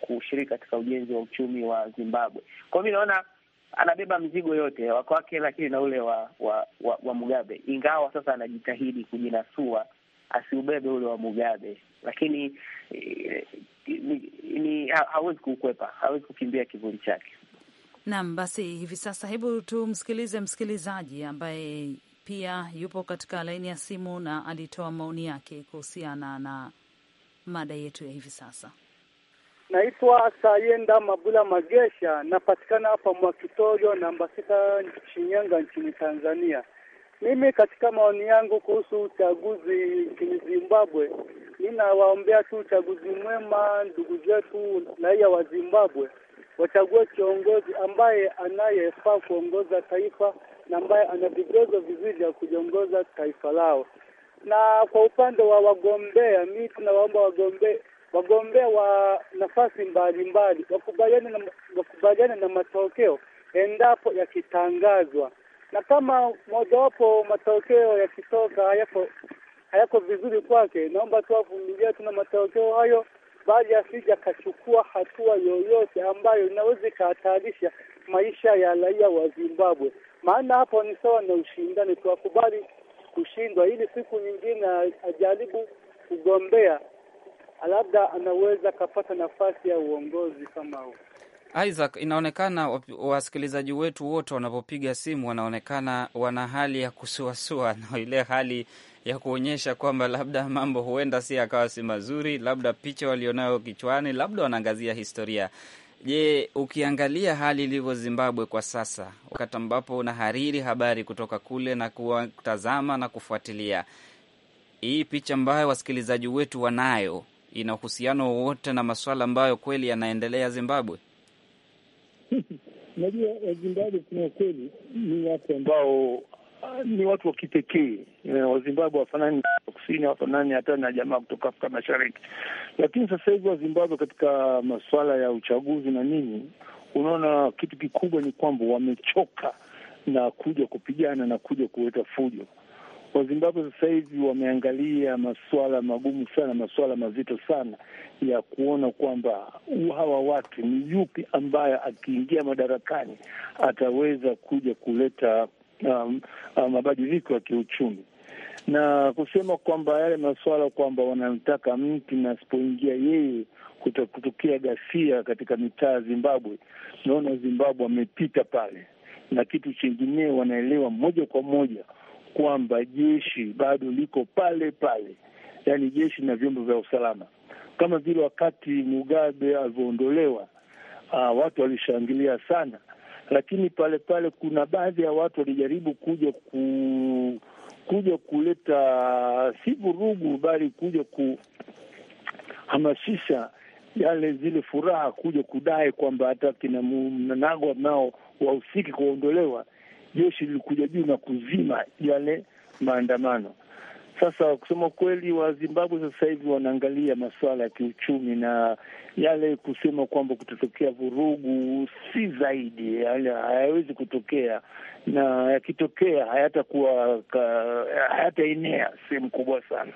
kushiriki katika ujenzi wa uchumi wa Zimbabwe. Kwa hiyo mi naona anabeba mzigo yote wako lakini na ule wa wa, wa, wa Mugabe, ingawa sasa anajitahidi kujinasua asiubebe ule wa Mugabe, lakini eh, ni, ni hawezi kuukwepa, hawezi kukimbia kivuli chake. Naam, basi hivi sasa, hebu tumsikilize msikilizaji ambaye pia yupo katika laini ya simu na alitoa maoni yake kuhusiana na mada yetu ya hivi sasa. Naitwa Sayenda Mabula Magesha, napatikana hapa Mwakitorio namba sita, Shinyanga nchini Tanzania. Mimi katika maoni yangu kuhusu uchaguzi nchini Zimbabwe, ninawaombea tu uchaguzi mwema ndugu zetu raia wa Zimbabwe, wachague kiongozi ambaye anayefaa kuongoza taifa na ambaye ana vigezo vizuri vya kuongoza taifa lao. Na kwa upande wa wagombea, mi tunawaomba wagombea wagombea wa nafasi mbalimbali wakubaliane na, wakubaliane na matokeo endapo yakitangazwa na kama mojawapo matokeo yakitoka hayako hayako vizuri kwake, naomba tu avumilia tuna matokeo hayo, bali asija kachukua hatua yoyote ambayo inaweza ikahatarisha maisha ya raia wa Zimbabwe, maana hapo ni sawa na ushindani. Tuwakubali kushindwa, ili siku nyingine ajaribu kugombea, labda anaweza akapata nafasi ya uongozi kama huo Isaac, inaonekana wasikilizaji wetu wote wanapopiga simu wanaonekana wana hali ya kusuasua na ile hali ya kuonyesha kwamba labda mambo huenda si akawa si mazuri, labda picha walionayo kichwani, labda wanaangazia historia. Je, ukiangalia hali ilivyo Zimbabwe kwa sasa, wakati ambapo unahariri habari kutoka kule na kutazama na kufuatilia hii picha ambayo wasikilizaji wetu wanayo, ina uhusiano wowote na masuala ambayo kweli yanaendelea Zimbabwe? Unajua, Wazimbabwe eh, kuna ukweli, ni watu ambao ah, ni watu wa kipekee. Eh, Wazimbabwe wafanani na kusini, wafanani hata na jamaa kutoka Afrika Mashariki. Lakini sasa hivi Wazimbabwe katika masuala ya uchaguzi na nini, unaona kitu kikubwa ni kwamba wamechoka na kuja kupigana na kuja kuleta fujo. Wazimbabwe sasa hivi wameangalia masuala magumu sana, masuala mazito sana ya kuona kwamba hawa watu ni yupi ambaye akiingia madarakani ataweza kuja kuleta um, uh, mabadiliko ya kiuchumi na kusema kwamba yale masuala kwamba wanamtaka mtu na asipoingia yeye kutakutokea ghasia katika mitaa ya Zimbabwe. Naona Zimbabwe wamepita pale, na kitu chengine wanaelewa moja kwa moja kwamba jeshi bado liko pale pale, yaani jeshi na vyombo vya usalama. Kama vile wakati Mugabe alivyoondolewa, uh, watu walishangilia sana, lakini pale pale kuna baadhi ya watu walijaribu kuja ku kuja kuleta si vurugu, bali kuja kuhamasisha yale zile furaha, kuja kudai kwamba hata kina Mnangagwa nao wahusiki kuondolewa jeshi lilikuja juu na kuzima yale maandamano. Sasa kusema kweli, wa Zimbabwe sasa hivi wanaangalia masuala ya kiuchumi, na yale kusema kwamba kutatokea vurugu si zaidi, hayawezi kutokea, na yakitokea hayatakuwa hayataenea sehemu kubwa sana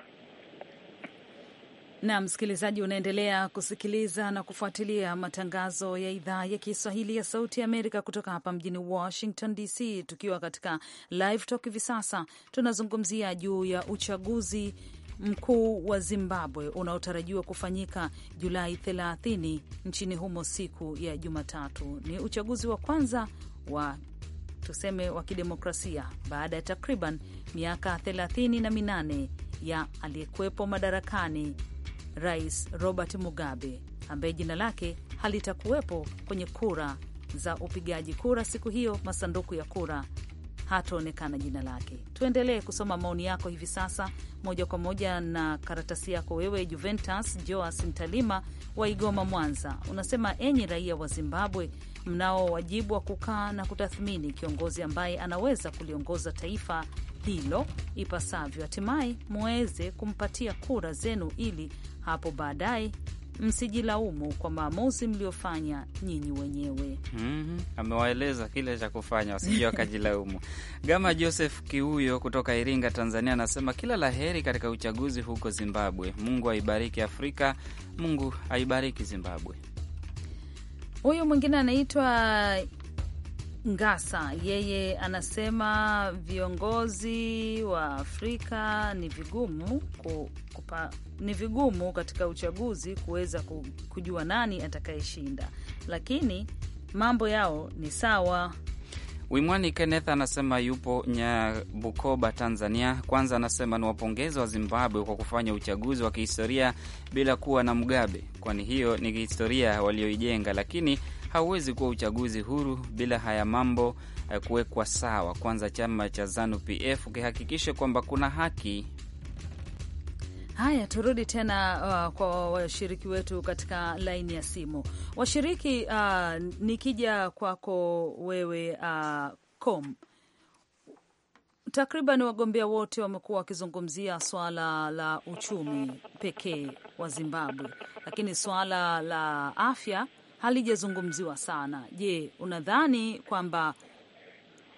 na msikilizaji, unaendelea kusikiliza na kufuatilia matangazo ya idhaa ya Kiswahili ya Sauti ya Amerika kutoka hapa mjini Washington DC, tukiwa katika live talk. Hivi sasa tunazungumzia juu ya uchaguzi mkuu wa Zimbabwe unaotarajiwa kufanyika Julai 30 nchini humo siku ya Jumatatu. Ni uchaguzi wa kwanza wa tuseme wa kidemokrasia baada ya takriban miaka 38 ya aliyekuwepo madarakani Rais Robert Mugabe ambaye jina lake halitakuwepo kwenye kura za upigaji kura siku hiyo, masanduku ya kura hataonekana jina lake. Tuendelee kusoma maoni yako hivi sasa, moja kwa moja na karatasi yako wewe. Juventus Joas Ntalima wa Igoma, Mwanza, unasema enyi raia wa Zimbabwe, mnao wajibu wa kukaa na kutathmini kiongozi ambaye anaweza kuliongoza taifa hilo ipasavyo, hatimaye muweze kumpatia kura zenu ili hapo baadaye msijilaumu kwa maamuzi mliofanya nyinyi wenyewe. Mm -hmm. Amewaeleza kile cha kufanya wasije wakajilaumu. Gama Joseph Kiuyo kutoka Iringa, Tanzania, anasema kila la heri katika uchaguzi huko Zimbabwe. Mungu aibariki Afrika, Mungu aibariki Zimbabwe. Huyu mwingine anaitwa Ngasa yeye anasema viongozi wa Afrika ni vigumu kupa, ni vigumu katika uchaguzi kuweza kujua nani atakayeshinda, lakini mambo yao ni sawa. Wimwani Kenneth anasema yupo nyabukoba Tanzania. Kwanza anasema ni wapongezi wa Zimbabwe kwa kufanya uchaguzi wa kihistoria bila kuwa na Mugabe, kwani hiyo ni historia walioijenga, lakini hauwezi kuwa uchaguzi huru bila haya mambo eh, kuwekwa sawa. Kwanza chama cha ZANU PF ukihakikisha kwamba kuna haki Haya, turudi tena uh, kwa washiriki wetu katika laini ya simu. Washiriki uh, nikija kwako wewe uh, com takriban wagombea wote wamekuwa wakizungumzia swala la uchumi pekee wa Zimbabwe, lakini swala la afya halijazungumziwa sana. Je, unadhani kwamba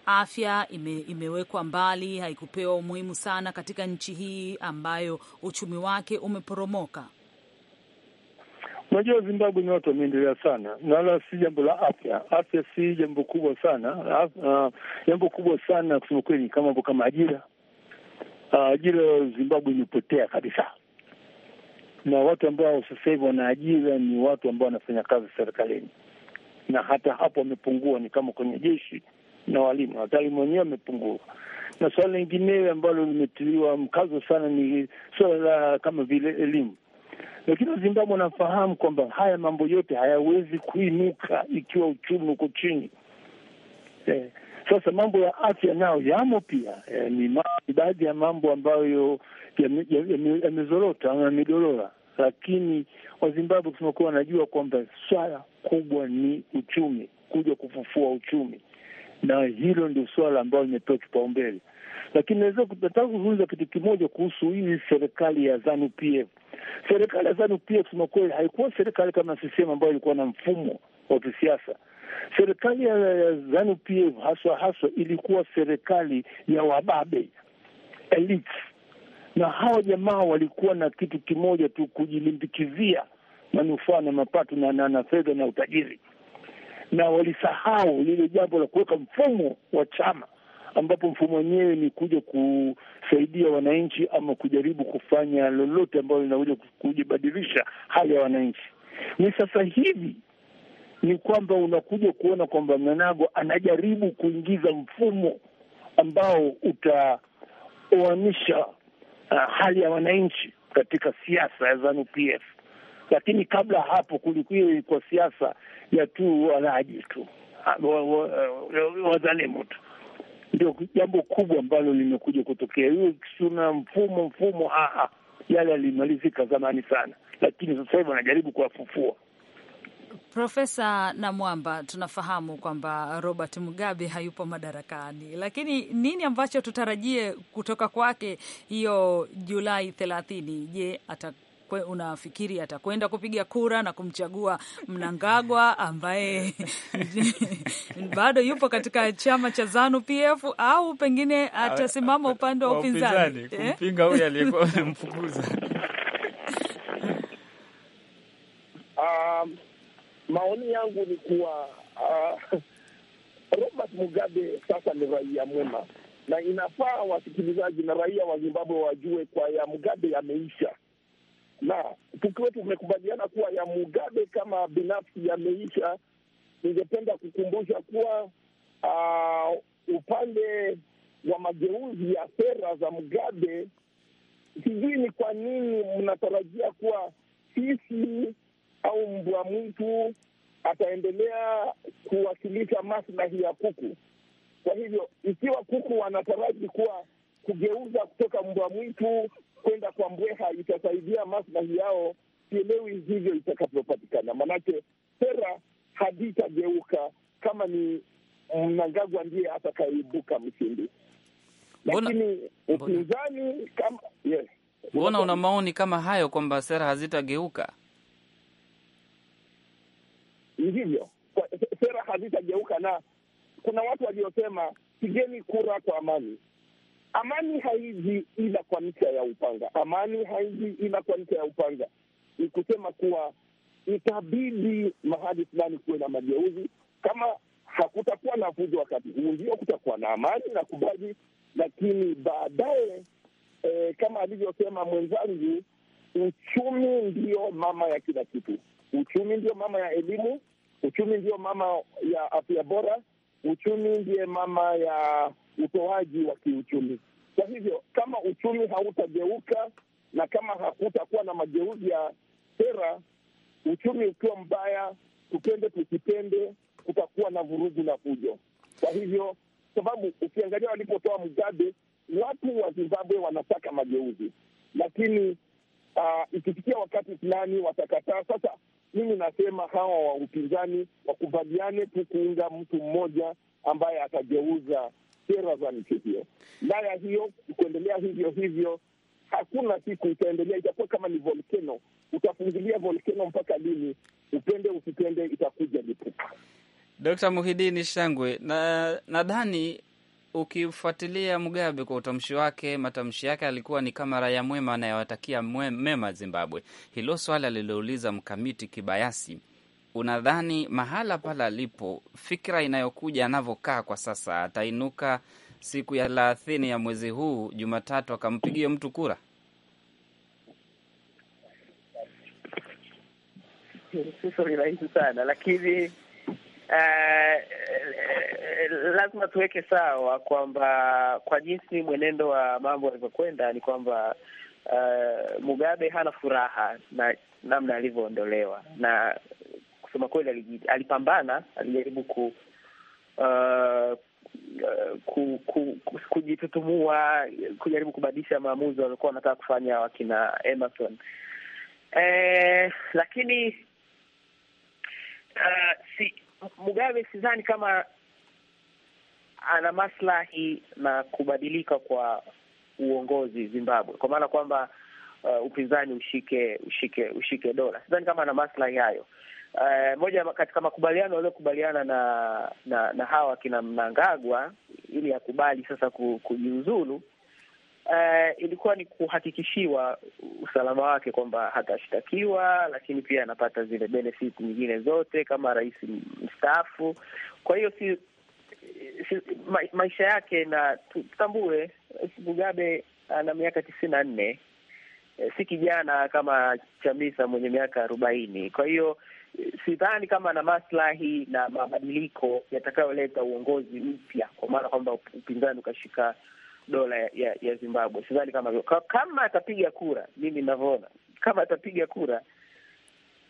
afya ime, imewekwa mbali, haikupewa umuhimu sana katika nchi hii ambayo uchumi wake umeporomoka? Unajua, Zimbabwe ni watu wameendelea sana, na wala si jambo la afya. Afya si jambo kubwa sana. Ah, jambo uh, kubwa sana kusema kweli, kama mambo kama ajira. Uh, ajira Zimbabwe imepotea kabisa na watu ambao sasa hivi wanaajira ni watu ambao wanafanya kazi serikalini, na hata hapo wamepungua, ni kama kwenye jeshi na walimu, watalimu wenyewe wamepungua. Na suala lingineo ambalo limetiliwa mkazo sana ni suala la kama vile elimu, lakini Wazimbabwe wanafahamu kwamba haya mambo yote hayawezi kuinuka ikiwa uchumi uko chini eh. Sasa mambo ya afya nayo yamo pia, eh, ni baadhi ya mambo ambayo yamezorota ama yamedorora, lakini Wazimbabwe tumekuwa wanajua kwamba swala kubwa ni uchumi, kuja kufufua uchumi, na hilo ndio swala ambayo limepewa kipaumbele. Lakini nataka kuzungumza kitu kimoja kuhusu hii serikali ya ZANU PF. Serikali ya ZANU PF kusema kweli haikuwa serikali kama sisehemu ambayo ilikuwa na mfumo wa kisiasa Serikali ya ZANU PF haswa haswa ilikuwa serikali ya wababe elites, na hawa jamaa walikuwa na kitu kimoja tu, kujilimbikizia manufaa na mapato na, na, na fedha na utajiri, na walisahau lile jambo la kuweka mfumo wa chama ambapo mfumo wenyewe ni kuja kusaidia wananchi ama kujaribu kufanya lolote ambalo linakuja kujibadilisha hali ya wananchi. Ni sasa hivi ni kwamba unakuja kuona kwamba Mnangagwa anajaribu kuingiza mfumo ambao utaoanisha uh, hali ya wananchi katika siasa ya Zanu PF, lakini kabla hapo kulikuwa ilikuwa siasa ya tu walaji tu uh, uh, wazalimu tu. Ndio jambo kubwa ambalo limekuja kutokea. Hiyo kisuna mfumo mfumo, aha, ah, yale yalimalizika zamani sana, lakini sasa hivi wanajaribu kuwafufua Profesa Namwamba, tunafahamu kwamba Robert Mugabe hayupo madarakani, lakini nini ambacho tutarajie kutoka kwake hiyo Julai thelathini? Je, ata unafikiri atakwenda kupiga kura na kumchagua Mnangagwa ambaye bado yupo katika chama cha Zanu PF au pengine atasimama upande wa upinzani eh? kumpinga aliyekuwa amemfukuza? Um, maoni yangu ni kuwa uh, Robert Mugabe sasa ni raia mwema, na inafaa wasikilizaji na raia wa Zimbabwe wajue kwa ya Mugabe yameisha, na tukiwe tumekubaliana kuwa ya Mugabe kama binafsi yameisha. Ningependa kukumbusha kuwa uh, upande wa mageuzi ya sera za Mugabe, sijui ni kwa nini mnatarajia kuwa sisi au mbwa mwitu ataendelea kuwakilisha maslahi ya kuku. Kwa hivyo, ikiwa kuku wanataraji kuwa kugeuza kutoka mbwa mwitu kwenda kwa mbweha itasaidia maslahi yao, sielewi hivyo itakavyopatikana, maanake sera haditageuka kama ni Mnangagwa ndiye atakaibuka mshindi, lakini upinzani kama yes. Mbona una maoni kama hayo kwamba sera hazitageuka? ni hivyo, sera hazitageuka. Na kuna watu waliosema pigeni kura kwa amani. Amani haiji ila kwa ncha ya upanga, amani haiji ila kwa ncha ya upanga. Ni kusema kuwa itabidi mahali fulani kuwe na mageuzi. Kama hakutakuwa na fujo wakati huu, ndio kutakuwa na amani na kubaji lakini baadaye e, kama alivyosema mwenzangu, uchumi ndio mama ya kila kitu. Uchumi ndio mama ya elimu, Uchumi ndiyo mama ya afya bora, uchumi ndiye mama ya utoaji wa kiuchumi. Kwa hivyo kama uchumi hautageuka na kama hakutakuwa na mageuzi ya sera, uchumi ukiwa mbaya, tupende tusipende, kutakuwa na vurugu na fujo. Kwa hivyo sababu, ukiangalia walipotoa Mugabe, watu wa Zimbabwe wanataka mageuzi, lakini uh, ikifikia wakati fulani watakataa. Sasa mimi nasema hawa wa upinzani wakubaliane tu kuunga mtu mmoja ambaye atageuza sera za nchi hiyo. Ndaya hiyo kuendelea hivyo hivyo, hakuna siku itaendelea, itakuwa kama ni volkeno. Utafungulia volkeno mpaka lini? Upende usipende, itakuja lipuka. Dkt. Muhidini Shangwe, na nadhani ukifuatilia Mugabe kwa utamshi wake, matamshi yake alikuwa ni kama raia mwema anayewatakia mema Zimbabwe. Hilo swala lilouliza mkamiti Kibayasi, unadhani mahala pale alipo, fikira inayokuja anavyokaa kwa sasa, atainuka siku ya thelathini ya mwezi huu Jumatatu akampigia mtu kura? Sio rahisi sana, lakini Eh, eh, lazima tuweke sawa kwamba kwa jinsi mwenendo wa mambo alivyokwenda ni kwamba uh, Mugabe hana furaha na namna alivyoondolewa, na kusema kweli alipambana, alijaribu ku uh, ku, ku, ku, kujitutumua kujaribu kubadilisha maamuzi waliokuwa wanataka kufanya wakina Emerson eh, lakini uh, si, Mugabe sidhani kama ana maslahi na kubadilika kwa uongozi Zimbabwe, kwa maana kwamba uh, upinzani ushike ushike ushike dola. Sidhani kama ana maslahi hayo. Uh, moja katika makubaliano waliokubaliana na, na na hawa kina Mnangagwa ili akubali sasa kujiuzulu uh, ilikuwa ni kuhakikishiwa usalama wake kwamba hatashtakiwa, lakini pia anapata zile benefit nyingine zote kama rais mstaafu. Kwa hiyo si, si, ma, maisha yake na tutambue, Mugabe ana miaka tisini na nne eh, si kijana kama Chamisa mwenye miaka arobaini. Kwa hiyo eh, sidhani kama ana maslahi na mabadiliko yatakayoleta uongozi mpya, kwa maana kwamba upinzani ukashika dola ya, ya Zimbabwe. Sidhani kama kama atapiga kura, mimi ninavyoona kama atapiga kura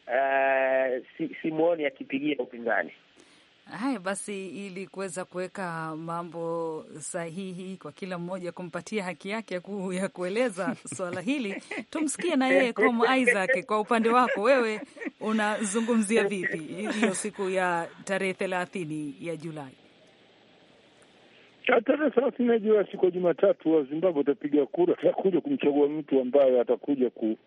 uh, si, akipigia upinzani. Haya basi, ili kuweza kuweka mambo sahihi kwa kila mmoja kumpatia haki yake kuu ya kueleza swala hili, tumsikie na yeye Kom Isaac. Kwa upande wako wewe unazungumzia vipi hiyo siku ya tarehe thelathini ya Julai? Tarehe thelathini jua siku ya Jumatatu wa Zimbabwe watapiga kura atakuja kumchagua mtu ambaye atakuja ku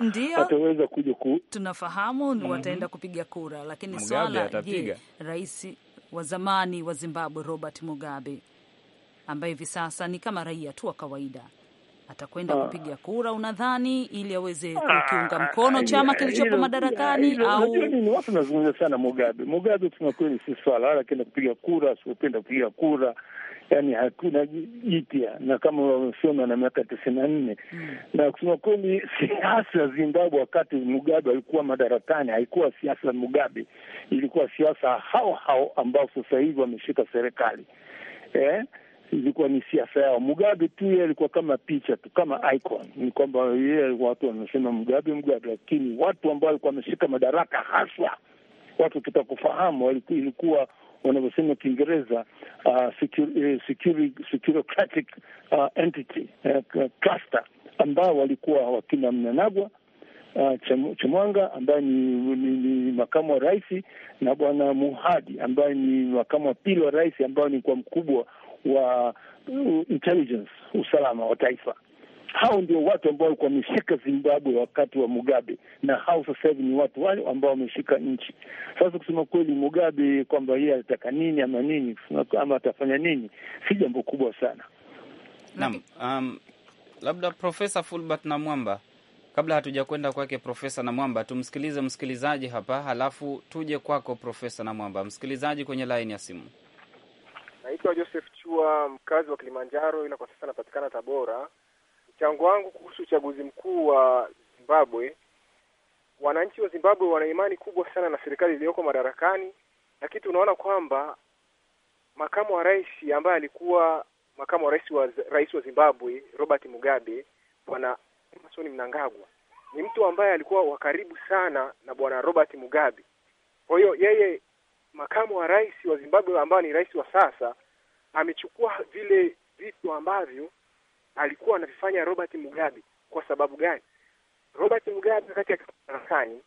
ndio ataweza kuja ku tunafahamu ni mm-hmm. wataenda mm -hmm. kupiga kura, lakini swala je, rais wa zamani wa Zimbabwe Robert Mugabe ambaye hivi sasa ni kama raia tu wa kawaida atakwenda ah. kupiga kura unadhani, ili aweze ah, kukiunga mkono ah, chama kilichopo madarakani? Au watu wanazungumza sana Mugabe. Mugabe kusema kweli, si swala wala akienda kupiga kura, asiopenda kupiga kura Yani hakuna jipya, na kama wamesema na miaka tisini na nne hmm. na kusema kweli, siasa Zimbabwe wakati Mugabe alikuwa madarakani haikuwa siasa Mugabe, ilikuwa siasa hao hao ambao sasa hivi wameshika serikali eh? ilikuwa ni siasa yao. Mugabe tu yeye alikuwa kama picha tu, kama icon. Ni kwamba yeye watu wanasema Mugabe, Mugabe, lakini watu ambao walikuwa wameshika madaraka haswa watu kufahamu ilikuwa wanavyosema Kiingereza uh, eh, securocratic uh, entity uh, cluster ambao walikuwa wakina Mnanagwa uh, Chemwanga ambaye ni, ni, ni makamu wa rais na bwana Muhadi ambaye ni makamu wa pili wa rais, ambayo ni kwa mkubwa wa uh, intelligence, usalama wa taifa. Hao ndio watu ambao walikuwa wameshika Zimbabwe wakati wa Mugabe, na hao sasa hivi ni watu wale ambao wameshika nchi. Sasa kusema kweli, Mugabe kwamba yeye alitaka nini ama nini ama atafanya nini si jambo kubwa sana. Naam, um, labda Profesa Fulbert na Mwamba kabla hatuja kwenda kwake Profesa Namwamba, tumsikilize msikilizaji hapa, halafu tuje kwako Profesa Namwamba. Msikilizaji kwenye laini ya simu. Naitwa Joseph Chua, mkazi wa Kilimanjaro, ila kwa sasa napatikana Tabora. Mchango wangu kuhusu uchaguzi mkuu wa Zimbabwe, wananchi wa Zimbabwe wana imani kubwa sana na serikali iliyoko madarakani, lakini tunaona kwamba makamu wa rais ambaye alikuwa makamu wa rais wa rais wa Zimbabwe Robert Mugabe, bwana Emmerson Mnangagwa ni mtu ambaye alikuwa wa karibu sana na bwana Robert Mugabe. Kwa hiyo yeye makamu wa rais wa Zimbabwe ambaye ni rais wa sasa amechukua vile vitu ambavyo alikuwa anavifanya Robert Mugabe. Kwa sababu gani? Robert Mugabe wakati akiwa madarakani,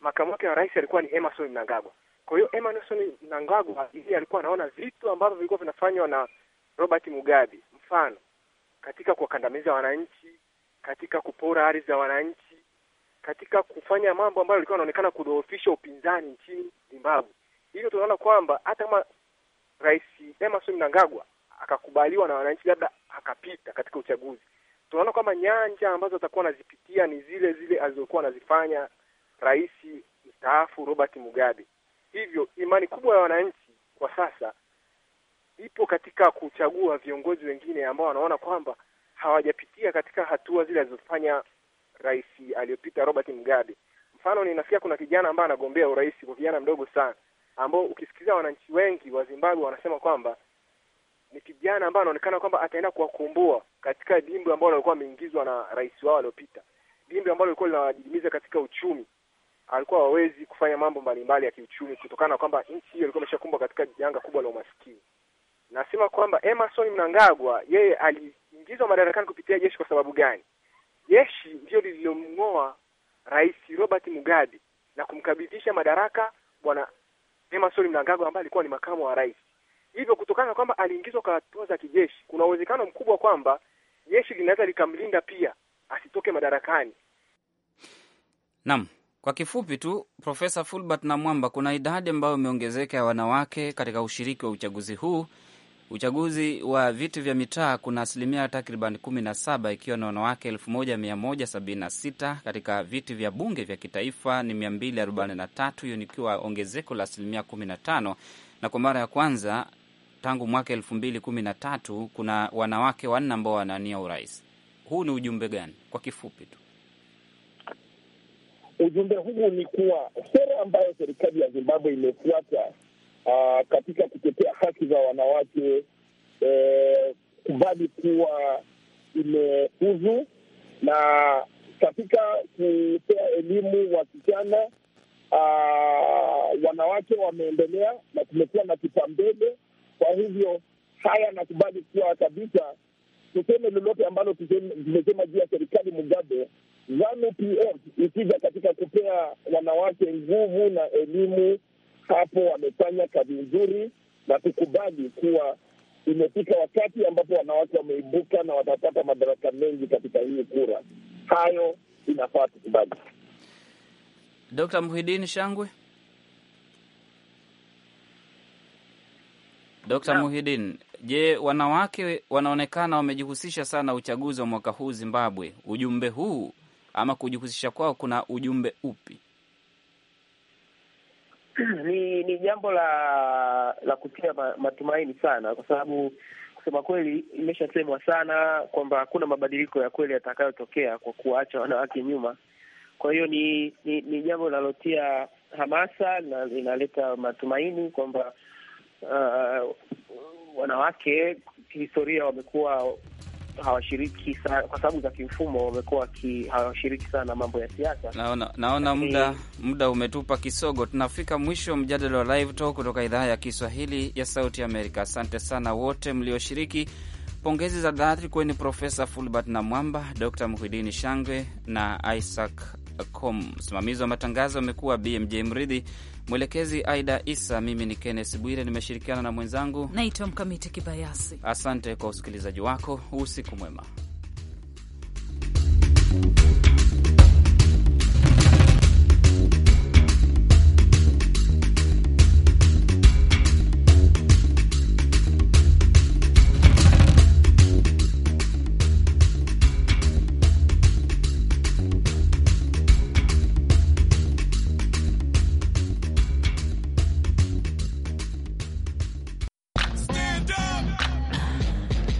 makamu wake wa rais alikuwa ni Emerson Mnangagwa. Kwa hiyo Emerson Mnangagwa yeye alikuwa anaona vitu ambavyo vilikuwa vinafanywa na Robert Mugabe, mfano katika kuwakandamiza wananchi, katika kupora ardhi za wananchi katika kufanya mambo ambayo yalikuwa yanaonekana kudhoofisha upinzani nchini Zimbabwe. Hivyo tunaona kwamba hata kama Rais Emerson Mnangagwa akakubaliwa na wananchi, labda akapita katika uchaguzi, tunaona kwamba nyanja ambazo atakuwa anazipitia ni zile zile alizokuwa anazifanya Rais mstaafu Robert Mugabe. Hivyo imani kubwa ya wananchi kwa sasa ipo katika kuchagua viongozi wengine ambao wanaona kwamba hawajapitia katika hatua zile alizofanya rais aliyopita Robert Mugabe. Mfano, ninasikia kuna kijana ambaye anagombea urais kwa kijana mdogo sana, ambao ukisikiliza wananchi wengi wa Zimbabwe wanasema kwamba ni kijana ambaye anaonekana kwamba ataenda kuwakumbua katika dimbwi ambalo alikuwa ameingizwa na rais wao aliyopita, dimbwi ambalo lilikuwa linawajidimiza katika uchumi. Alikuwa hawezi kufanya mambo mbalimbali ya kiuchumi kutokana na kwamba nchi hiyo ilikuwa imeshakumbwa katika janga kubwa la umaskini. Nasema kwamba Emerson Mnangagwa yeye aliingizwa madarakani kupitia jeshi. Kwa sababu gani? jeshi ndiyo lililomng'oa Rais Robert Mugabe na kumkabidhisha madaraka bwana Emmerson Mnangagwa ambaye alikuwa ni makamu wa rais. Hivyo kutokana na kwamba aliingizwa kwa hatua za kijeshi, kuna uwezekano mkubwa kwamba jeshi linaweza likamlinda pia asitoke madarakani. Naam, kwa kifupi tu, Profesa Fulbert na Mwamba, kuna idadi ambayo imeongezeka ya wanawake katika ushiriki wa uchaguzi huu Uchaguzi wa viti vya mitaa kuna asilimia takriban 17 ikiwa na wanawake 1176. Katika viti vya bunge vya kitaifa ni 243, hiyo nikiwa ongezeko la asilimia 15, na kwa mara ya kwanza tangu mwaka 2013 kuna wanawake wanne ambao wanania urais. Huu ni ujumbe gani? Kwa kifupi tu, ujumbe huu ni kuwa sera ambayo serikali ya Zimbabwe imefuata uh, katika kutetea haki za wanawake eh, kubali kuwa imefuzu na katika kupea elimu wasichana uh, wanawake wameendelea na kumekuwa na kipambele Kwa hivyo haya nakubali kuwa kabisa, tuseme lolote ambalo tumesema juu ya serikali Mugabe, ZANU PF ikija katika kupea wanawake nguvu na elimu hapo wamefanya kazi nzuri na tukubali kuwa imefika wakati ambapo wanawake wameibuka na watapata madaraka mengi katika hii kura. Hayo inafaa tukubali Dkt. Muhidini Shangwe, Dkt. muhidin je, wanawake wanaonekana wamejihusisha sana uchaguzi wa mwaka huu Zimbabwe. Ujumbe huu ama kujihusisha kwao kuna ujumbe upi? ni ni jambo la la kutia matumaini sana, kwa sababu kusema kweli imeshasemwa sana kwamba hakuna mabadiliko ya kweli yatakayotokea kwa kuwaacha wanawake nyuma. Kwa hiyo ni ni, ni jambo linalotia hamasa na linaleta matumaini kwamba uh, wanawake kihistoria wamekuwa hawashiriki sana kwa sababu za kimfumo, wamekuwa hawashiriki sana mambo ya siasa. Naona, naona muda muda umetupa kisogo, tunafika mwisho mjadala wa Live Talk kutoka idhaa ya Kiswahili ya Sauti Amerika. Asante sana wote mlioshiriki. Pongezi za dhati kweni Profesa Fulbert na Mwamba, Dr Muhidini Shangwe na Isaac com. Msimamizi wa matangazo amekuwa BMJ Mridhi, mwelekezi Aida Isa. Mimi ni kennes Bwire, nimeshirikiana na mwenzangu naitwa Mkamiti Kibayasi. Asante kwa usikilizaji wako, usiku mwema.